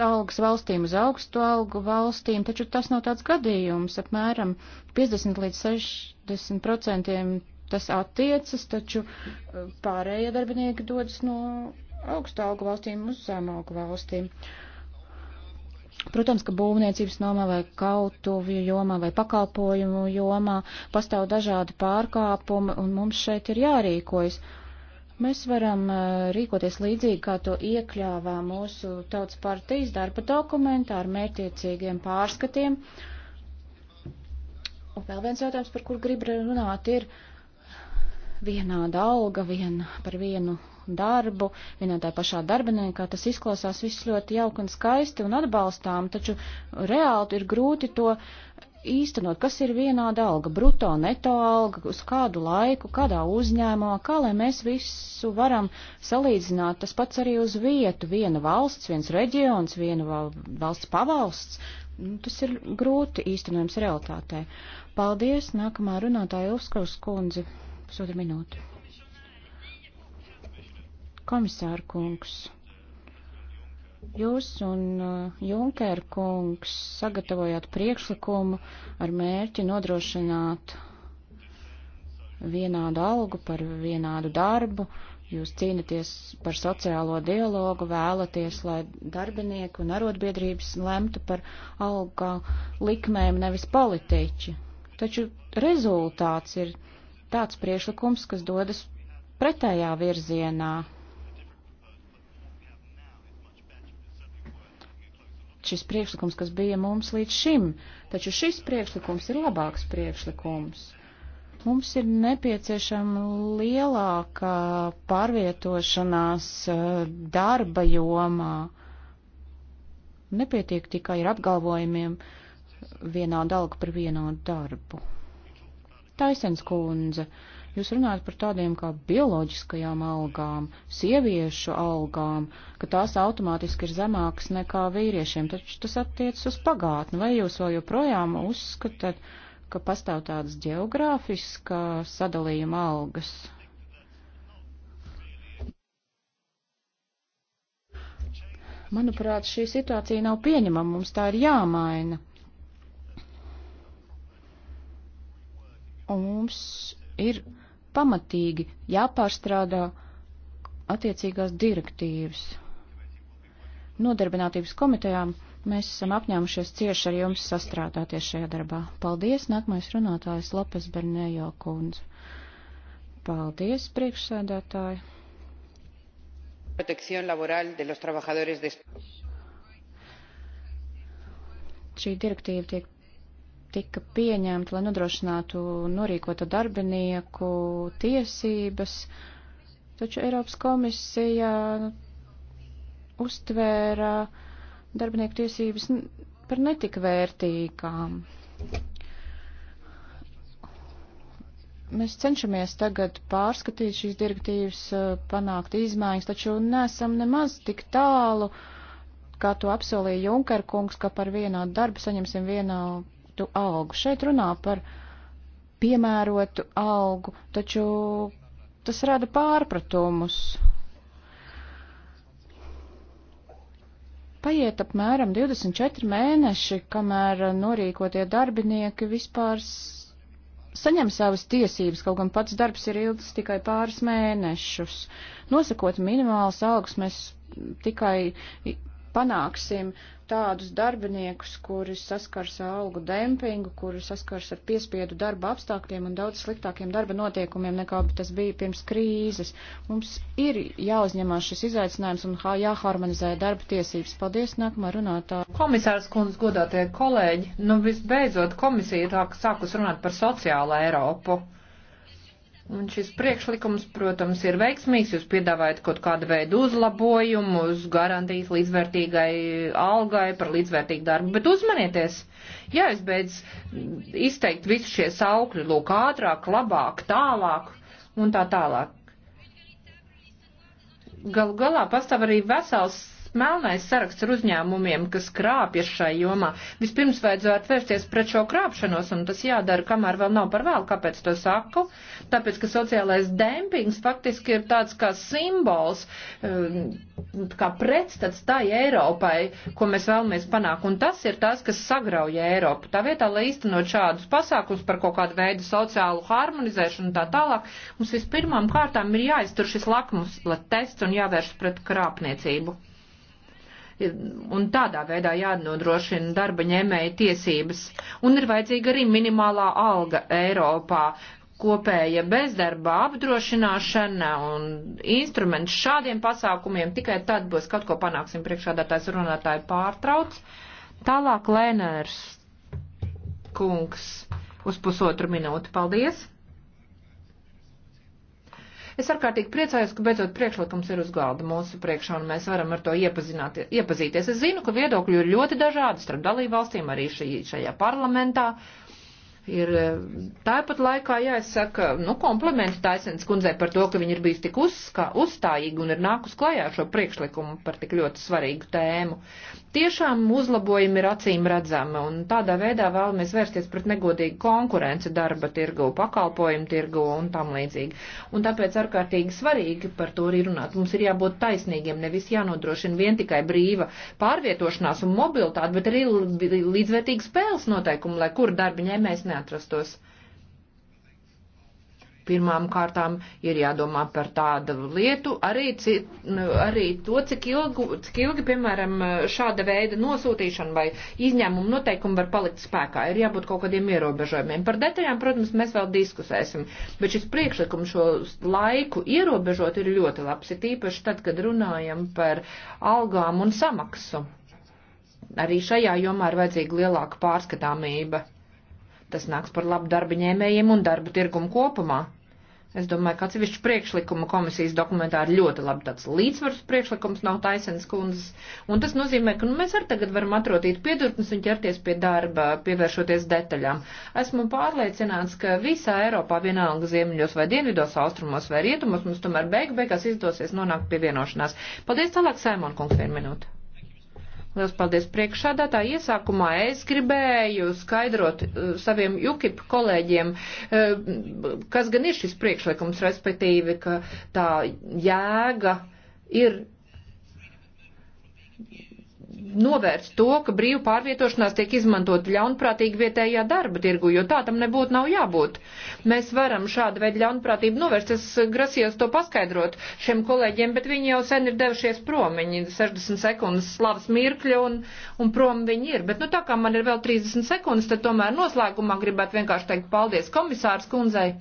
algas valstīm uz augstu algu valstīm, taču tas nav tāds gadījums. Apmēram 50 līdz 60 procentiem tas attiecas, taču eh, pārējie darbinieki dodas no augstu algu valstīm uz zemu algu valstīm. Protams, ka būvniecības nomā vai kautuvju jomā vai pakalpojumu jomā pastāv dažādi pārkāpumi, un mums šeit ir jārīkojas. Uh, Mēs varam eh, rīkoties līdzīgi, kā to iekļāvā mūsu tautas partijas darba dokumentā ar mērķiecīgiem pārskatiem. Un vēl viens jautājums, par kur gribu runāt, ir vienāda alga vien par vienu darbu, vienā tā pašā darbiniekā. Tas izklausās viss ļoti jauk un skaisti un atbalstām, taču reāli ir grūti to īstenot, kas ir vienāda alga, bruto, neto alga, uz kādu laiku, kādā uzņēmumā, kā lai mēs visu varam salīdzināt. Tas pats arī uz vietu, viena valsts, viens reģions, viena valsts pavalsts. Nu, tas ir grūti īstenojams realitātē. Paldies, nākamā runātāja Ilskaus kundze, pusotra minūte. Komisāra kungs. Jūs un uh, Junker kungs sagatavojāt priekšlikumu ar mērķi nodrošināt vienādu algu par vienādu darbu. Jūs cīnaties par sociālo dialogu, vēlaties, lai darbinieki un arotbiedrības lemtu par algā likmēm, nevis politiķi. Taču rezultāts ir tāds priešlikums, kas dodas pretējā virzienā šis priekšlikums, kas bija mums līdz šim, taču šis priekšlikums ir labāks priekšlikums. Mums ir nepieciešama lielāka pārvietošanās eh, darba jomā. Nepietiek tikai ar apgalvojumiem vienādu algu par vienādu darbu. Taisens kundze. Uh, Jūs runājat par tādiem kā bioloģiskajām algām, sieviešu algām, ka tās automātiski ir zemākas nekā vīriešiem, taču tas attiecas uz pagātni. Vai jūs vēl joprojām uzskatāt, ka pastāv tādas geogrāfiska sadalījuma algas? Manuprāt, šī situācija nav pieņemama, mums tā ir jāmaina. Un mums ir pamatīgi jāpārstrādā attiecīgās direktīvas. Nodarbinātības komitejām mēs esam apņēmušies cieši ar jums sastrādāties šajā darbā. Paldies, nākamais runātājs Lopes Bernējo kundze. Paldies, priekšsēdētāji. Protección laboral de los trabajadores de šī direktīva tiek tika pieņemta, lai nodrošinātu norīkoto darbinieku tiesības, taču Eiropas komisija uztvēra darbinieku tiesības par netik vērtīgām. Mēs cenšamies tagad pārskatīt šīs direktīvas, eh, panākt izmaiņas, taču nesam nemaz tik tālu, kā to apsolīja Junker kungs, ka par vienādu darbu saņemsim vienādu piemērotu algu. Šeit runā par piemērotu algu, taču tas rada pārpratumus. Paiet apmēram 24 mēneši, kamēr norīkotie darbinieki vispār saņem savas tiesības, kaut gan pats darbs ir ilgs tikai pāris mēnešus. Nosakot minimālas algas, mēs tikai panāksim tādus darbiniekus, kuri saskars ar algu dempingu, kuri saskars ar piespiedu darba apstākļiem un daudz sliktākiem darba notiekumiem nekā tas bija pirms krīzes. Mums ir jāuzņemās šis izaicinājums un jāharmonizē darba tiesības. Paldies, nākamā runātā. Komisārs kundz, godātie kolēģi, nu visbeidzot komisija tā sākus runāt par sociālu Eiropu. Un šis priekšlikums, protams, ir veiksmīgs. Jūs piedāvājat kaut kādu veidu uzlabojumu, uz garantijas līdzvērtīgai algai par līdzvērtīgu darbu. Bet uzmanieties, ja es beidz izteikt visu šie saukļi, lūk, ātrāk, labāk, tālāk un tā tālāk. Galu galā pastāv arī vesels melnais saraksts ar uzņēmumiem, kas krāpjas šai jomā. Vispirms vajadzētu vērsties pret šo krāpšanos, un tas jādara, kamēr vēl nav par vēl. Kāpēc to saku? Tāpēc, ka sociālais dempings faktiski ir tāds kā simbols, um, kā pretstats tai Eiropai, ko mēs vēlamies panākt. Un tas ir tas, kas sagrauja Eiropu. Tā vietā, lai īstenot šādus pasākums par kaut kādu veidu sociālu harmonizēšanu un tā tālāk, mums vispirmām kārtām ir jāiztur šis lakmus tests un jāvērš pret krāpniecību un tādā veidā jānodrošina darba ņēmēja tiesības. Un ir vajadzīga arī minimālā alga Eiropā, kopēja bezdarba apdrošināšana un instruments šādiem pasākumiem. Tikai tad būs kaut ko panāksim priekšādātājs runātāji pārtrauc. Tālāk Lēnērs kungs uz pusotru minūti. Paldies! Es ārkārtīgi priecājos, ka beidzot priekšlikums ir uz galda mūsu priekšā un mēs varam ar to iepazīties. Es zinu, ka viedokļi ir ļoti dažādi starp dalībvalstīm, arī šī, šajā parlamentā ir eh, tāpat laikā jāsaka, nu, komplimenti Taisens kundzei par to, ka viņi ir bijis tik uzskā, uzstājīgi un ir nākus klajā šo priekšlikumu par tik ļoti svarīgu tēmu. Tiešām uzlabojumi ir acīm redzami, un tādā veidā vēlamies vērsties pret negodīgu konkurenci darba tirgu, pakalpojumu tirgu un tam līdzīgi. Un tāpēc ārkārtīgi svarīgi par to arī runāt. Mums ir jābūt taisnīgiem, nevis jānodrošina vien tikai brīva pārvietošanās un mobilitāte, bet arī līdzvērtīgi spēles noteikumi, lai kur darba ņēmējs neatrastos. Pirmām kārtām ir jādomā par tādu lietu, arī, nu, arī to, cik ilgi, cik ilgi, piemēram, šāda veida nosūtīšana vai izņēmuma noteikumi var palikt spēkā. Ir jābūt kaut kādiem ierobežojumiem. Par detaļām, protams, mēs vēl diskusēsim, bet šis priekšlikums šo laiku ierobežot ir ļoti labs, ir tīpaši tad, kad runājam par algām un samaksu. Arī šajā jomā ir vajadzīga lielāka pārskatāmība. Tas nāks par labu darba ņēmējiem un darba tirgumu kopumā. Es domāju, ka atsevišķu priekšlikumu komisijas dokumentā ir ļoti labi tāds līdzsvars priekšlikums nav taisens kundzes. Un tas nozīmē, ka nu, mēs arī tagad varam atrotīt piedurtnes un ķerties pie darba, pievēršoties detaļām. Esmu pārliecināts, ka visā Eiropā vienalga ziemeļos vai dienvidos, austrumos vai rietumos mums tomēr beig beigās izdosies nonākt pie vienošanās. Paldies tālāk, Saimon kungs, vienu minūtu. Liels paldies priekšādātā. Iesākumā es gribēju skaidrot uh, saviem UKIP kolēģiem, uh, kas gan ir šis priekšlikums, respektīvi, ka tā jēga ir novērst to, ka brīvu pārvietošanās tiek izmantot ļaunprātīgi vietējā darba tirgu, jo tā tam nebūtu nav jābūt. Mēs varam šādu veidu ļaunprātību novērst. Es grasījos to paskaidrot šiem kolēģiem, bet viņi jau sen ir devušies prom. Viņi 60 sekundes slavas mirkļi un, un prom viņi ir. Bet nu tā kā man ir vēl 30 sekundes, tad tomēr noslēgumā gribētu vienkārši teikt paldies komisārs kundzei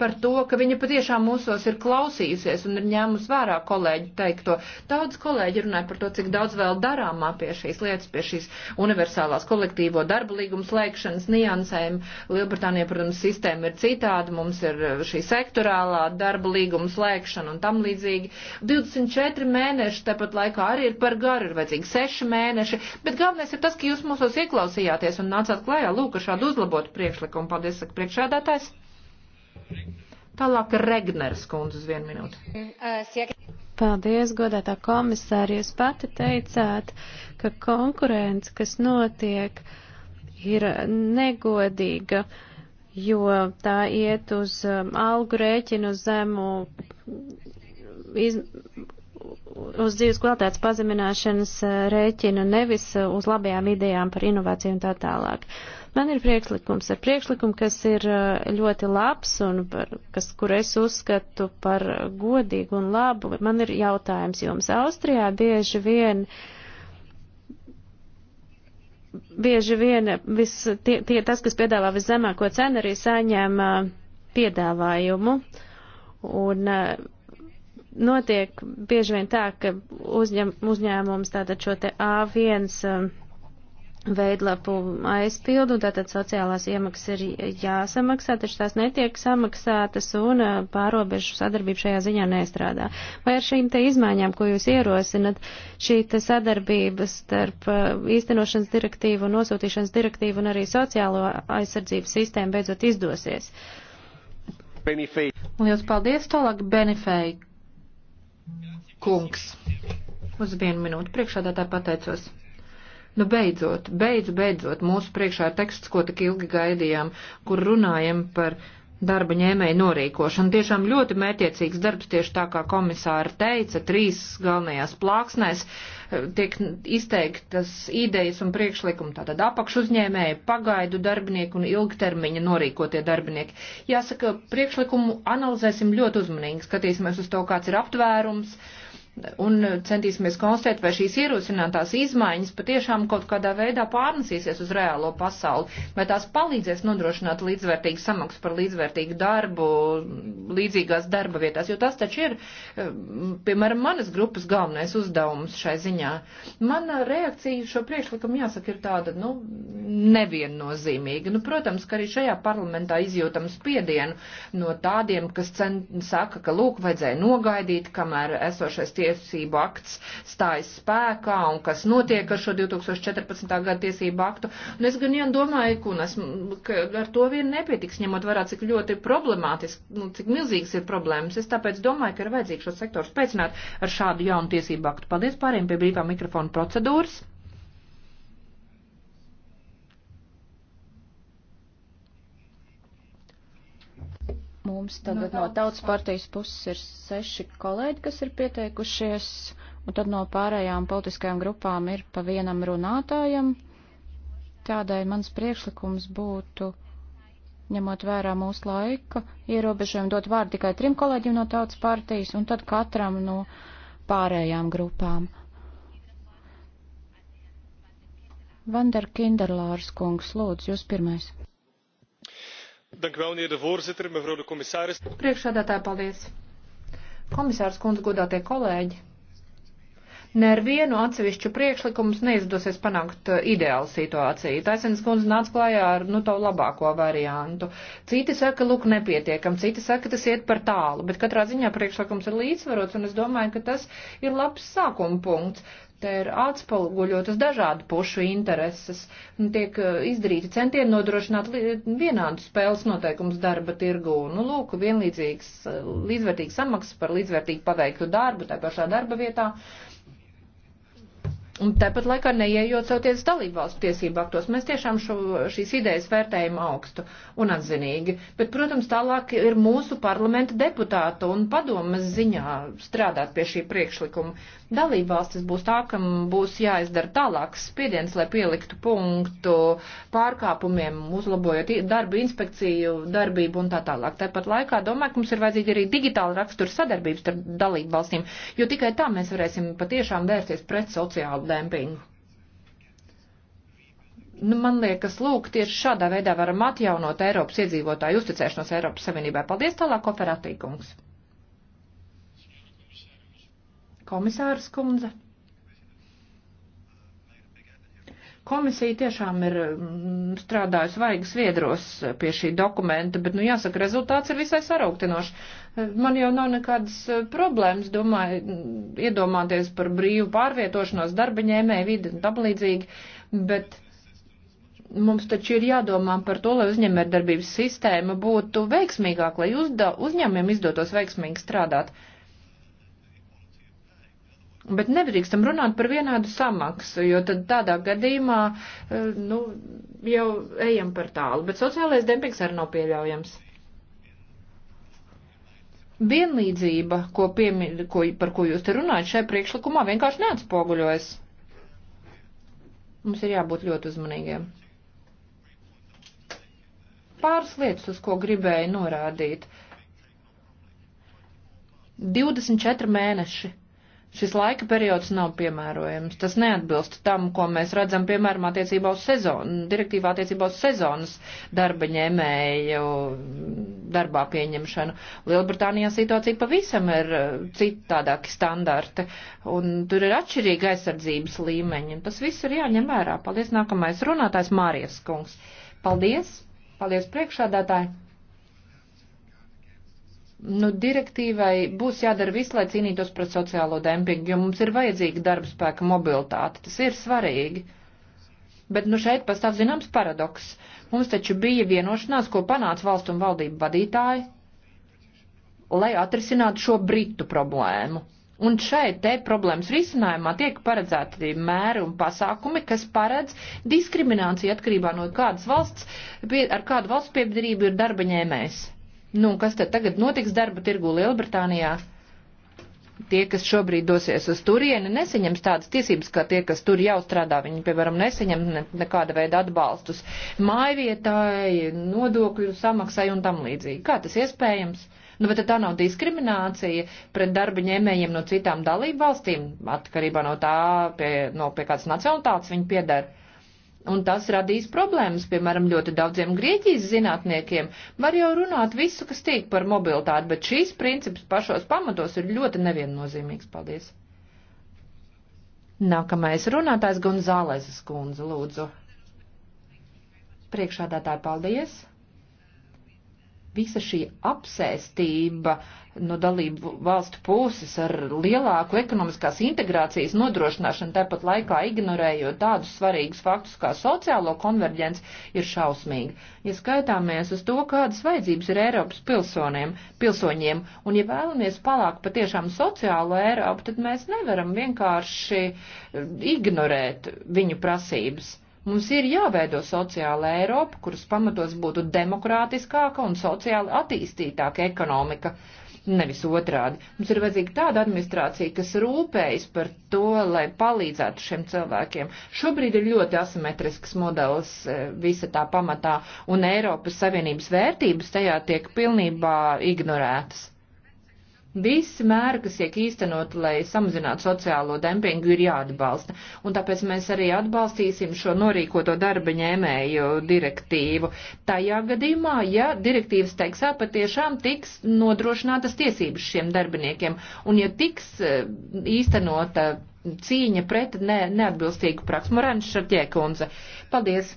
par to, ka viņa patiešām mūsos ir klausījusies un ir ņēmusi vērā kolēģi teikto. Daudz kolēģi runāja par to, cik daudz vēl darāmā pie šīs lietas, pie šīs universālās kolektīvo darba līguma slēgšanas niansēm. Lielbritānija, protams, sistēma ir citāda, mums ir eh, šī sektorālā darba līguma slēgšana un tam līdzīgi. 24 mēneši tepat laikā arī ir par garu, ir vajadzīgi 6 mēneši, bet galvenais ir tas, ka jūs mūsos ieklausījāties un nācāt klajā lūk ar šādu uzlabotu priekšlikumu. Paldies, saka priekšādātājs. Tālāk Regneres kundze uz vienu minūti. Paldies, godētā komisāri. Jūs pati teicāt, ka konkurence, kas notiek, ir negodīga, jo tā iet uz um, algu rēķinu zemu iz, uz dzīves kvalitātes pazemināšanas uh, rēķinu, nevis uh, uz labajām idejām par inovāciju un tā tālāk. Man ir priekšlikums ar priekšlikumu, kas ir eh, ļoti labs un par, kas, kur es uzskatu par godīgu un labu. Man ir jautājums jums. Austrijā bieži vien. Bieži vien vis, tie, tie, tas, kas piedāvā viszemāko cenu, arī saņem eh, piedāvājumu. Un eh, notiek bieži vien tā, ka uzņem, uzņēmums tātad šo te A1 veidlapu aizpildu, tātad sociālās iemaksas ir jāsamaksā, taču tās netiek samaksātas un uh, pārobežu sadarbība šajā ziņā nestrādā. Vai ar šīm te izmaiņām, ko jūs ierosinat, šī te sadarbība starp uh, īstenošanas direktīvu, nosūtīšanas direktīvu un arī sociālo aizsardzības sistēmu beidzot izdosies? Benefei. Lielas paldies, tālāk Benefei kungs. Uz vienu minūtu priekšādā tā pateicos. Nu, beidzot, beidz, beidzot, mūsu priekšā ir teksts, ko tik ilgi gaidījām, kur runājam par darba ņēmēju norīkošanu. Tiešām ļoti mētiecīgs darbs, tieši tā kā komisāra teica, trīs galvenajās plāksnēs eh, tiek izteiktas idejas un priekšlikumi, tātad apakšuzņēmēji, pagaidu darbinieki un ilgtermiņa norīkotie darbinieki. Jāsaka, priekšlikumu analizēsim ļoti uzmanīgi, skatīsimies uz to, kāds ir aptvērums un centīsimies konstatēt, vai šīs ierosinātās izmaiņas patiešām kaut kādā veidā pārnesīsies uz reālo pasauli, vai tās palīdzēs nodrošināt līdzvērtīgu samaksu par līdzvērtīgu darbu līdzīgās darba vietās, jo tas taču ir, eh, piemēram, manas grupas galvenais uzdevums šai ziņā. Mana reakcija šo priekšlikumu, jāsaka, ir tāda, nu, neviennozīmīga. Nu, protams, ka arī šajā parlamentā izjūtam spiedienu no tādiem, kas cen, saka, ka, lūk, vajadzēja nogaidīt, kamēr esošais tie tiesību akts stājas spēkā un kas notiek ar šo 2014. gada tiesību aktu. Un es gan jau domāju, ka, esmu, ka ar to vien nepietiks, ņemot vērā, cik ļoti problemātiski, nu, cik milzīgas ir problēmas. Es tāpēc domāju, ka ir vajadzīgs šo sektoru spēcināt ar šādu jaunu tiesību aktu. Paldies pāriem pie brīvā mikrofona procedūras. Mums tagad no tautas partijas puses ir seši kolēģi, kas ir pieteikušies, un tad no pārējām politiskajām grupām ir pa vienam runātājam. Tādēļ mans priekšlikums būtu, ņemot vērā mūsu laika ierobežojumu, dot vārdu tikai trim kolēģiem no tautas partijas, un tad katram no pārējām grupām. Vander Kinderlārs kungs, lūdzu, jūs pirmais voorzitter mevrouw de commissaris. Priekšsēdētāji, paldies. Komisārs kundze, godātie kolēģi. Nevienu atsevišķu priekšlikumus neizdosies panākt eh, ideālu situāciju. Taisnības kundze nāca klājā ar, nu, to labāko variantu. Citi saka, lūk, nepietiekam, citi saka, tas iet par tālu, bet katrā ziņā priekšlikums ir līdzsvarots, un es domāju, ka tas ir labs sākuma punkts. Te ir atspoguļotas dažādu pušu intereses, tiek eh, izdarīti centieni nodrošināt vienādu spēles noteikumus darba tirgu. Nu, lūk, vienlīdzīgs, eh, līdzvērtīgs samaksas par līdzvērtīgu paveiktu darbu, tā pašā darba vietā. Uh, Un tāpat laikā neiejaucoties dalībvalstu tiesību aktos, mēs tiešām šo, šīs idejas vērtējam augstu un atzinīgi. Bet, protams, tālāk ir mūsu parlamenta deputāta un padomas ziņā strādāt pie šī priekšlikuma. Dalībvalstis būs tā, kam būs jāizdara tālāks spiediens, lai pieliktu punktu pārkāpumiem, uzlabojot darbu inspekciju, darbību un tā tālāk. Tāpat laikā domāju, ka mums ir vajadzīga arī digitāla rakstura sadarbības starp dalībvalstīm, jo tikai tā mēs varēsim patiešām vērsties pret sociālu sociālu dempingu. Nu, man liekas, lūk, tieši šādā veidā varam atjaunot Eiropas iedzīvotāju uzticēšanos Eiropas Savienībai. Paldies tālāk, operatīkums. Komisārs Kundze. Komisija tiešām ir mm, strādājusi vaigas viedros eh, pie šī dokumenta, bet, nu, jāsaka, rezultāts ir visai sarauktinošs. Eh, man jau nav nekādas eh, problēmas, domāju, mm, iedomāties par brīvu pārvietošanos darbaņēmēju vidi un tam līdzīgi, bet mums taču ir jādomā par to, lai uzņēmējdarbības sistēma būtu veiksmīgāka, lai uzda, uzņēmiem izdotos veiksmīgi strādāt. Uh, Bet nedrīkstam runāt par vienādu samaksu, jo tad tādā gadījumā, eh, nu, jau ejam par tālu. Bet sociālais dempings arī nav pieļaujams. Vienlīdzība, ko piemi, ko, par ko jūs te runājat šai priekšlikumā, vienkārši neatspoguļojas. Mums ir jābūt ļoti uzmanīgiem. Pāris lietas, uz ko gribēju norādīt. 24 mēneši šis laika periods nav piemērojams. Tas neatbilst tam, ko mēs redzam, piemēram, attiecībā uz sezonu, direktīvā attiecībā uz sezonas darba ņēmēju darbā pieņemšanu. Lielbritānijā situācija pavisam ir eh, citādāki standarti, un tur ir atšķirīga aizsardzības līmeņa, un tas viss ir jāņem vērā. Paldies, nākamais runātājs Mārijas kungs. Paldies, paldies priekšādātāji nu, direktīvai būs jādara viss, lai cīnītos pret sociālo dempingu, jo mums ir vajadzīga darba spēka mobilitāte. Tas ir svarīgi. Bet nu šeit pastāv zināms paradoks. Mums taču bija vienošanās, ko panāca valstu un valdību vadītāji, lai atrisinātu šo britu problēmu. Un šeit te problēmas risinājumā tiek paredzēti mēri un pasākumi, kas paredz diskrimināciju atkarībā no kādas valsts, pie, ar kādu valsts piedarību ir darba ņēmējs. Nu, kas tad tagad notiks darba tirgu Lielbritānijā? Tie, kas šobrīd dosies uz turieni, neseņems tādas tiesības, kā tie, kas tur jau strādā. Viņi, piemēram, neseņem ne, nekāda veida atbalstus mājvietāji, nodokļu samaksai un tam līdzīgi. Kā tas iespējams? Nu, bet tā nav diskriminācija pret darba ņēmējiem no citām dalību valstīm, atkarībā no tā, pie, no pie kādas nacionalitātes viņi piedara. Un tas radīs problēmas, piemēram, ļoti daudziem Grieķijas zinātniekiem. Var jau runāt visu, kas tiek par mobilitāti, bet šīs princips pašos pamatos ir ļoti neviennozīmīgs. Paldies! Nākamais runātājs Gonzālezes kundze, lūdzu. Priekšādātāji, paldies! visa šī apsēstība no dalību valstu puses ar lielāku ekonomiskās integrācijas nodrošināšanu, tāpat laikā ignorējot tādus svarīgus faktus kā sociālo konverģents, ir šausmīga. Ja skaitāmies uz to, kādas vajadzības ir Eiropas pilsoniem, pilsoņiem, un ja vēlamies palākt patiešām sociālo Eiropu, tad mēs nevaram vienkārši eh, ignorēt viņu prasības Mums ir jāveido sociāla Eiropa, kuras pamatos būtu demokrātiskāka un sociāli attīstītāka ekonomika, nevis otrādi. Mums ir vajadzīga tāda administrācija, kas rūpējas par to, lai palīdzētu šiem cilvēkiem. Šobrīd ir ļoti asimetrisks modelis e, visa tā pamatā, un Eiropas Savienības vērtības tajā tiek pilnībā ignorētas. Visi mēri, kas tiek īstenot, lai samazinātu sociālo dempingu, ir jāatbalsta. Un tāpēc mēs arī atbalstīsim šo norīkoto darba ņēmēju direktīvu. Tajā gadījumā, ja direktīvas teiksā, patiešām tiks nodrošinātas tiesības šiem darbiniekiem. Un ja tiks e, īstenota cīņa pret ne, neatbilstīgu praksu. Morāns Šarķēkundze. Paldies!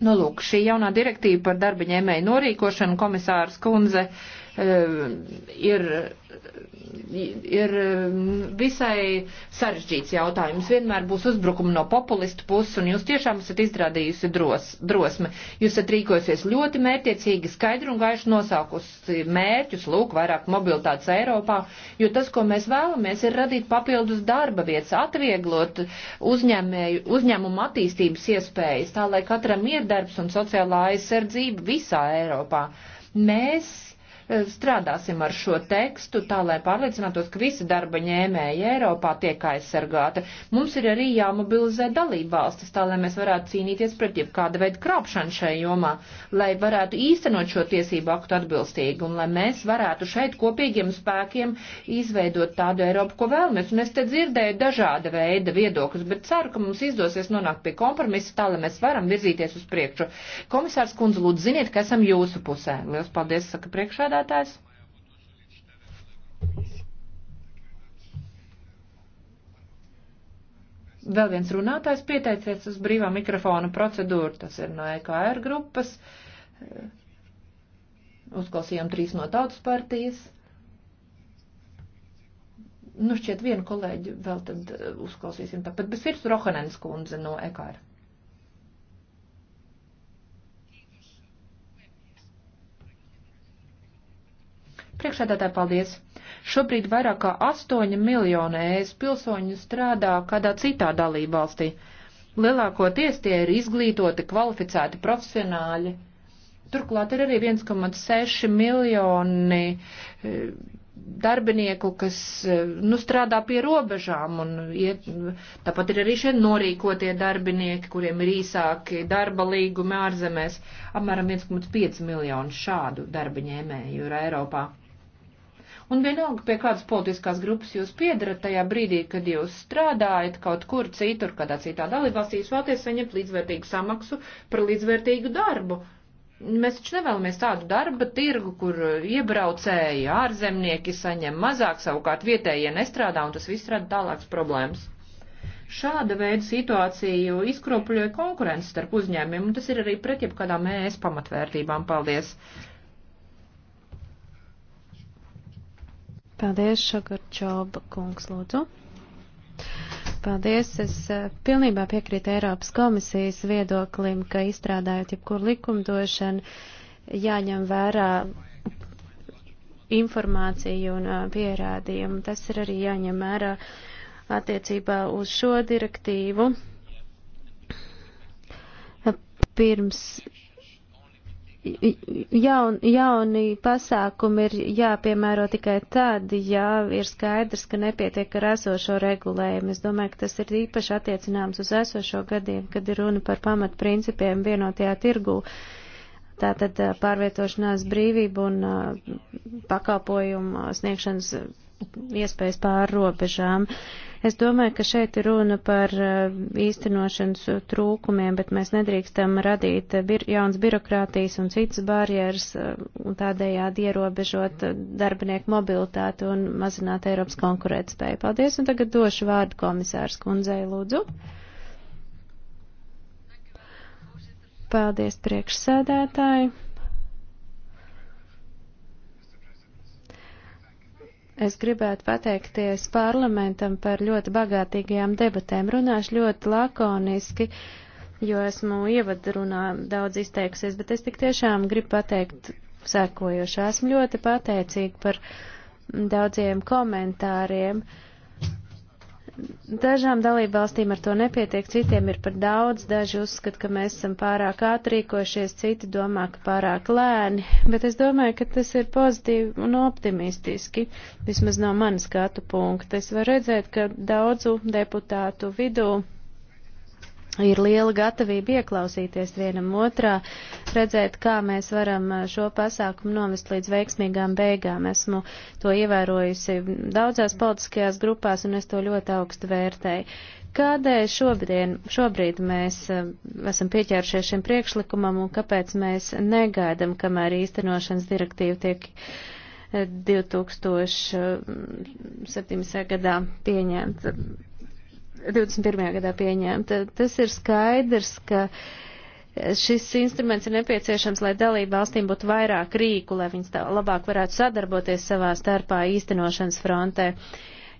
Nu, lūk, šī jaunā direktīva par darba ņēmēju norīkošanu komisārs Kunze. Uh, Eh, ir, ir mm, visai sarežģīts jautājums. Vienmēr būs uzbrukumi no populistu puses, un jūs tiešām esat izrādījusi dros, drosmi. Jūs esat rīkojusies ļoti mērķiecīgi, skaidri un gaiši nosaukusi mērķus, lūk, vairāk mobilitātes Eiropā, jo tas, ko mēs vēlamies, ir radīt papildus darba vietas, atvieglot uzņēmēju, uzņēmumu attīstības iespējas, tā lai katram ir darbs un sociālā aizsardzība visā Eiropā. Mēs strādāsim ar šo tekstu, tā lai pārliecinātos, ka visi darba ņēmēji Eiropā tiek aizsargāti. Mums ir arī jāmobilizē dalība valstis, tā lai mēs varētu cīnīties pret jebkāda veida krāpšanu šai jomā, lai varētu īstenot šo tiesību aktu atbilstīgi un lai mēs varētu šeit kopīgiem spēkiem izveidot tādu Eiropu, ko vēlamies. Un es te dzirdēju dažāda veida viedokļus, bet ceru, ka mums izdosies nonākt pie kompromisa, tā lai mēs varam virzīties uz priekšu. Komisārs Kundze, lūdzu, ziniet, ka esam jūsu pusē. Lielas paldies, saka priekšādā priekšsēdētājs. Vēl viens runātājs pieteicies uz brīvā mikrofona procedūru, tas ir no EKR grupas. Uzklausījām trīs no tautas partijas. Nu, šķiet, vienu kolēģi vēl tad uzklausīsim tāpat, bet virs Rohanenes kundze no EKR. Priekšādātāji, paldies! Šobrīd vairāk kā 8 miljoni ES pilsoņu strādā kādā citā dalībvalstī. Lielākoties tie ir izglītoti, kvalificēti profesionāļi. Turklāt ir arī 1,6 miljoni e, darbinieku, kas e, nu, strādā pie robežām. Un, iet, tāpat ir arī šie norīkotie darbinieki, kuriem ir īsāki darba līgumi ārzemēs. Apmēram 1,5 miljonu šādu darba ņēmēju ir Eiropā. Un vienalga, pie kādas politiskās grupas jūs piedarat tajā brīdī, kad jūs strādājat kaut kur citur, kādā citā dalībvalstī, jūs vēlaties saņemt līdzvērtīgu samaksu par līdzvērtīgu darbu. Mēs taču nevēlamies tādu darba tirgu, kur iebraucēji, ārzemnieki saņem mazāk, savukārt vietējie nestrādā, un tas viss rada tālākas problēmas. Šāda veida situāciju izkropļoja konkurence starp uzņēmumiem, un tas ir arī pret jebkādām ES pamatvērtībām. Paldies! Paldies, Šagarčoba kungs, lūdzu. Paldies. Es eh, pilnībā piekrītu Eiropas komisijas viedoklim, ka izstrādājot jebkuru likumdošanu, jāņem vērā informāciju un eh, pierādījumu. Tas ir arī jāņem vērā attiecībā uz šo direktīvu. Pirms jaun, jauni pasākumi ir jāpiemēro tikai tad, ja ir skaidrs, ka nepietiek ar esošo regulējumu. Es domāju, ka tas ir īpaši attiecināms uz esošo gadījumu, kad ir runa par pamatprincipiem vienotajā tirgū. Tātad pārvietošanās brīvība un pakalpojumu sniegšanas iespējas pār robežām. Uh, Es domāju, ka šeit ir runa par uh, īstenošanas trūkumiem, bet mēs nedrīkstam radīt bir jauns birokrātijas un citas barjeras uh, un tādējādi ierobežot uh, darbinieku mobilitāti un mazināt Eiropas konkurētspēju. Paldies, un tagad došu vārdu komisārs kundzei lūdzu. Paldies, priekšsēdētāji. Es gribētu pateikties parlamentam par ļoti bagātīgajām debatēm. Runāšu ļoti lakoniski, jo esmu ievadrunā daudz izteikusies, bet es tik tiešām gribu pateikt sekojošu. Esmu ļoti pateicīga par daudziem komentāriem. Uh, Dažām dalībvalstīm ar to nepietiek, citiem ir par daudz, daži uzskata, ka mēs esam pārāk ātrīkošies, citi domā, ka pārāk lēni, bet es domāju, ka tas ir pozitīvi un optimistiski, vismaz no manas skatu punkta. Es varu redzēt, ka daudzu deputātu vidū ir liela gatavība ieklausīties vienam otrā, redzēt, kā mēs varam eh, šo pasākumu novest līdz veiksmīgām beigām. Esmu to ievērojusi daudzās politiskajās grupās un es to ļoti augstu vērtēju. Kādēļ šobrīd, šobrīd mēs eh, esam pieķērušies šim priekšlikumam un kāpēc mēs negaidam, kamēr īstenošanas direktīva tiek 2007. Eh, gadā pieņemta? 21. gadā pieņemta. Tas ir skaidrs, ka šis instruments ir nepieciešams, lai dalību valstīm būtu vairāk rīku, lai viņas tā labāk varētu sadarboties savā starpā īstenošanas frontē.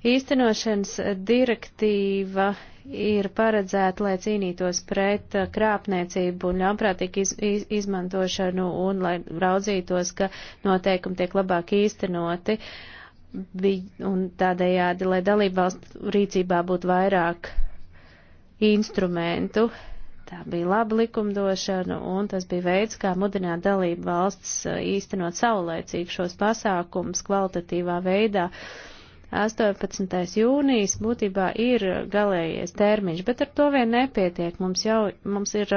Īstenošanas direktīva ir paredzēta, lai cīnītos pret krāpniecību un ļaunprātīgu iz, iz, izmantošanu un lai raudzītos, ka noteikumi tiek labāk īstenoti. Uh, un tādējādi, lai dalībvalstu rīcībā būtu vairāk instrumentu. Tā bija laba likumdošana, un tas bija veids, kā mudināt dalību valsts īstenot saulēcīgi šos pasākums kvalitatīvā veidā. Uh, 18. jūnijas būtībā ir galējais termiņš, bet ar to vien nepietiek. Mums jau mums ir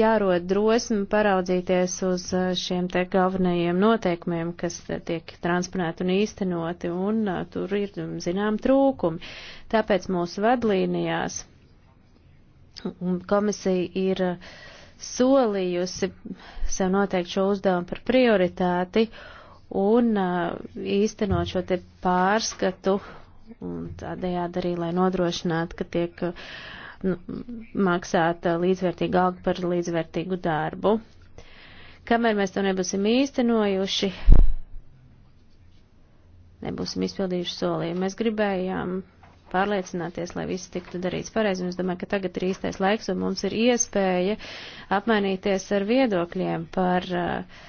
jārod drosmi paraudzīties uz šiem te galvenajiem noteikumiem, kas tiek transponēti un īstenoti, un tur ir, zinām, trūkumi. Tāpēc mūsu vadlīnijās komisija ir solījusi sev noteikti šo uzdevumu par prioritāti. Uh, un uh, īstenot šo te pārskatu un tādējādi arī, lai nodrošinātu, ka tiek uh, nu, maksāta līdzvērtīga alga par līdzvērtīgu darbu. Kamēr mēs to nebūsim īstenojuši, nebūsim izpildījuši solījumu. Mēs gribējām pārliecināties, lai viss tiktu darīts pareizi, un es domāju, ka tagad ir īstais laiks, un mums ir iespēja apmainīties ar viedokļiem par uh,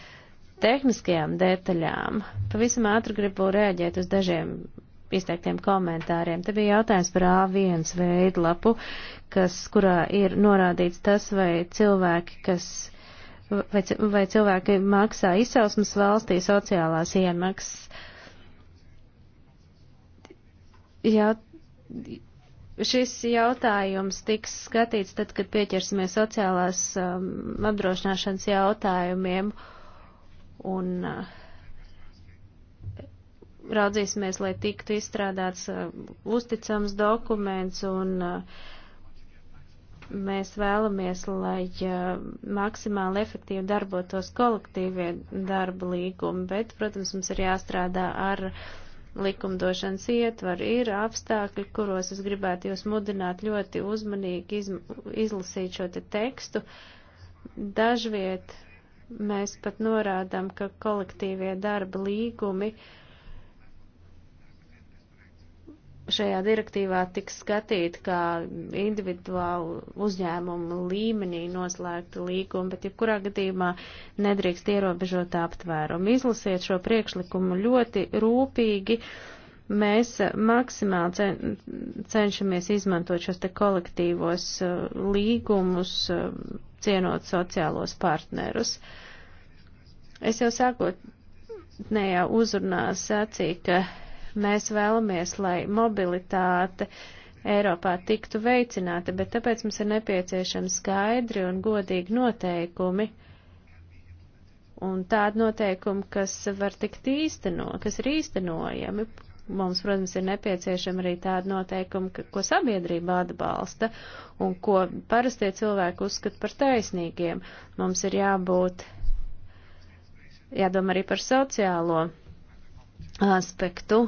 tehniskajām detaļām, pavisam ātri gribu rēģēt uz dažiem izteiktiem komentāriem. Te bija jautājums par A1 veidlapu, kas, kurā ir norādīts tas, vai cilvēki, kas, vai, vai cilvēki maksā izcelsmes valstī sociālās iemaksas. Jā, šis jautājums tiks skatīts tad, kad pieķersimies sociālās um, apdrošināšanas jautājumiem. Uh, un uh, raudzīsimies, lai tiktu izstrādāts uh, uzticams dokuments un uh, mēs vēlamies, lai uh, maksimāli efektīvi darbotos kolektīvie darba līgumi, bet, protams, mums ir jāstrādā ar likumdošanas ietvaru, ir apstākļi, kuros es gribētu jūs mudināt ļoti uzmanīgi iz, izlasīt šo te tekstu. Dažviet Mēs pat norādām, ka kolektīvie darba līgumi šajā direktīvā tiks skatīti kā individuāli uzņēmumu līmenī noslēgta līguma, bet jebkurā gadījumā nedrīkst ierobežot aptvērumu. Izlasiet šo priekšlikumu ļoti rūpīgi. Uh, mēs maksimāli cen, cenšamies izmantot šos te kolektīvos uh, līgumus, uh, cienot sociālos partnerus. Es jau sākotnējā uzrunā sacīju, ka mēs vēlamies, lai mobilitāte Eiropā tiktu veicināta, bet tāpēc mums ir nepieciešami skaidri un godīgi noteikumi, un tādi noteikumi, kas var tikt īstenot, kas ir īstenojami, mums, protams, ir nepieciešama arī tāda noteikuma, ka, ko sabiedrība atbalsta un ko parastie cilvēki uzskata par taisnīgiem. Mums ir jābūt, jādomā arī par sociālo aspektu.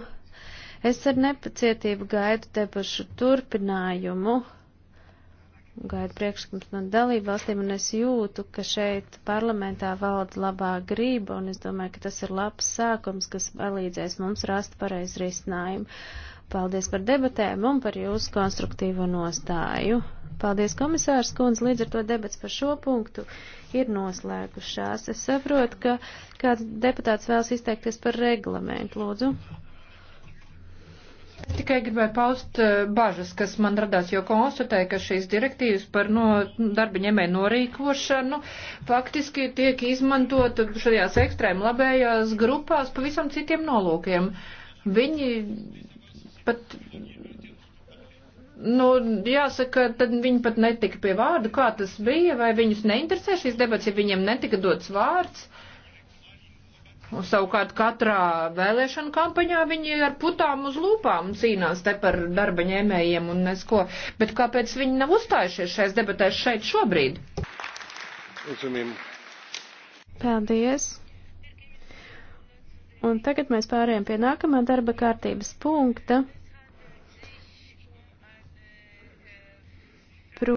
Es ar nepacietību gaidu debašu turpinājumu gaida priekšlikums no dalību valstīm, un es jūtu, ka šeit parlamentā valda labā grība, un es domāju, ka tas ir labs sākums, kas palīdzēs mums rast pareiz risinājumu. Paldies par debatēm un par jūsu konstruktīvo nostāju. Paldies, komisārs Kunz, līdz ar to debats par šo punktu ir noslēgušās. Es saprotu, ka kāds deputāts vēlas izteikties par reglamentu. Lūdzu. Es tikai gribēju paust eh, bažas, kas man radās, jo konstatēju, ka šīs direktīvas par no, darba ņemēju norīkošanu faktiski tiek izmantota šajās ekstrēm labējās grupās pavisam citiem nolūkiem. Viņi pat Nu, jāsaka, tad viņi pat netika pie vārdu, kā tas bija, vai viņus neinteresē šīs debats, ja viņiem netika dots vārds. Uh, Un savukārt katrā vēlēšana kampaņā viņi ar putām uz lūpām cīnās te par darba ņēmējiem un nesko. Bet kāpēc viņi nav uzstājušies šais debatēs šeit šobrīd? Uzumim. Paldies. Un tagad mēs pārējām pie nākamā darba kārtības punkta.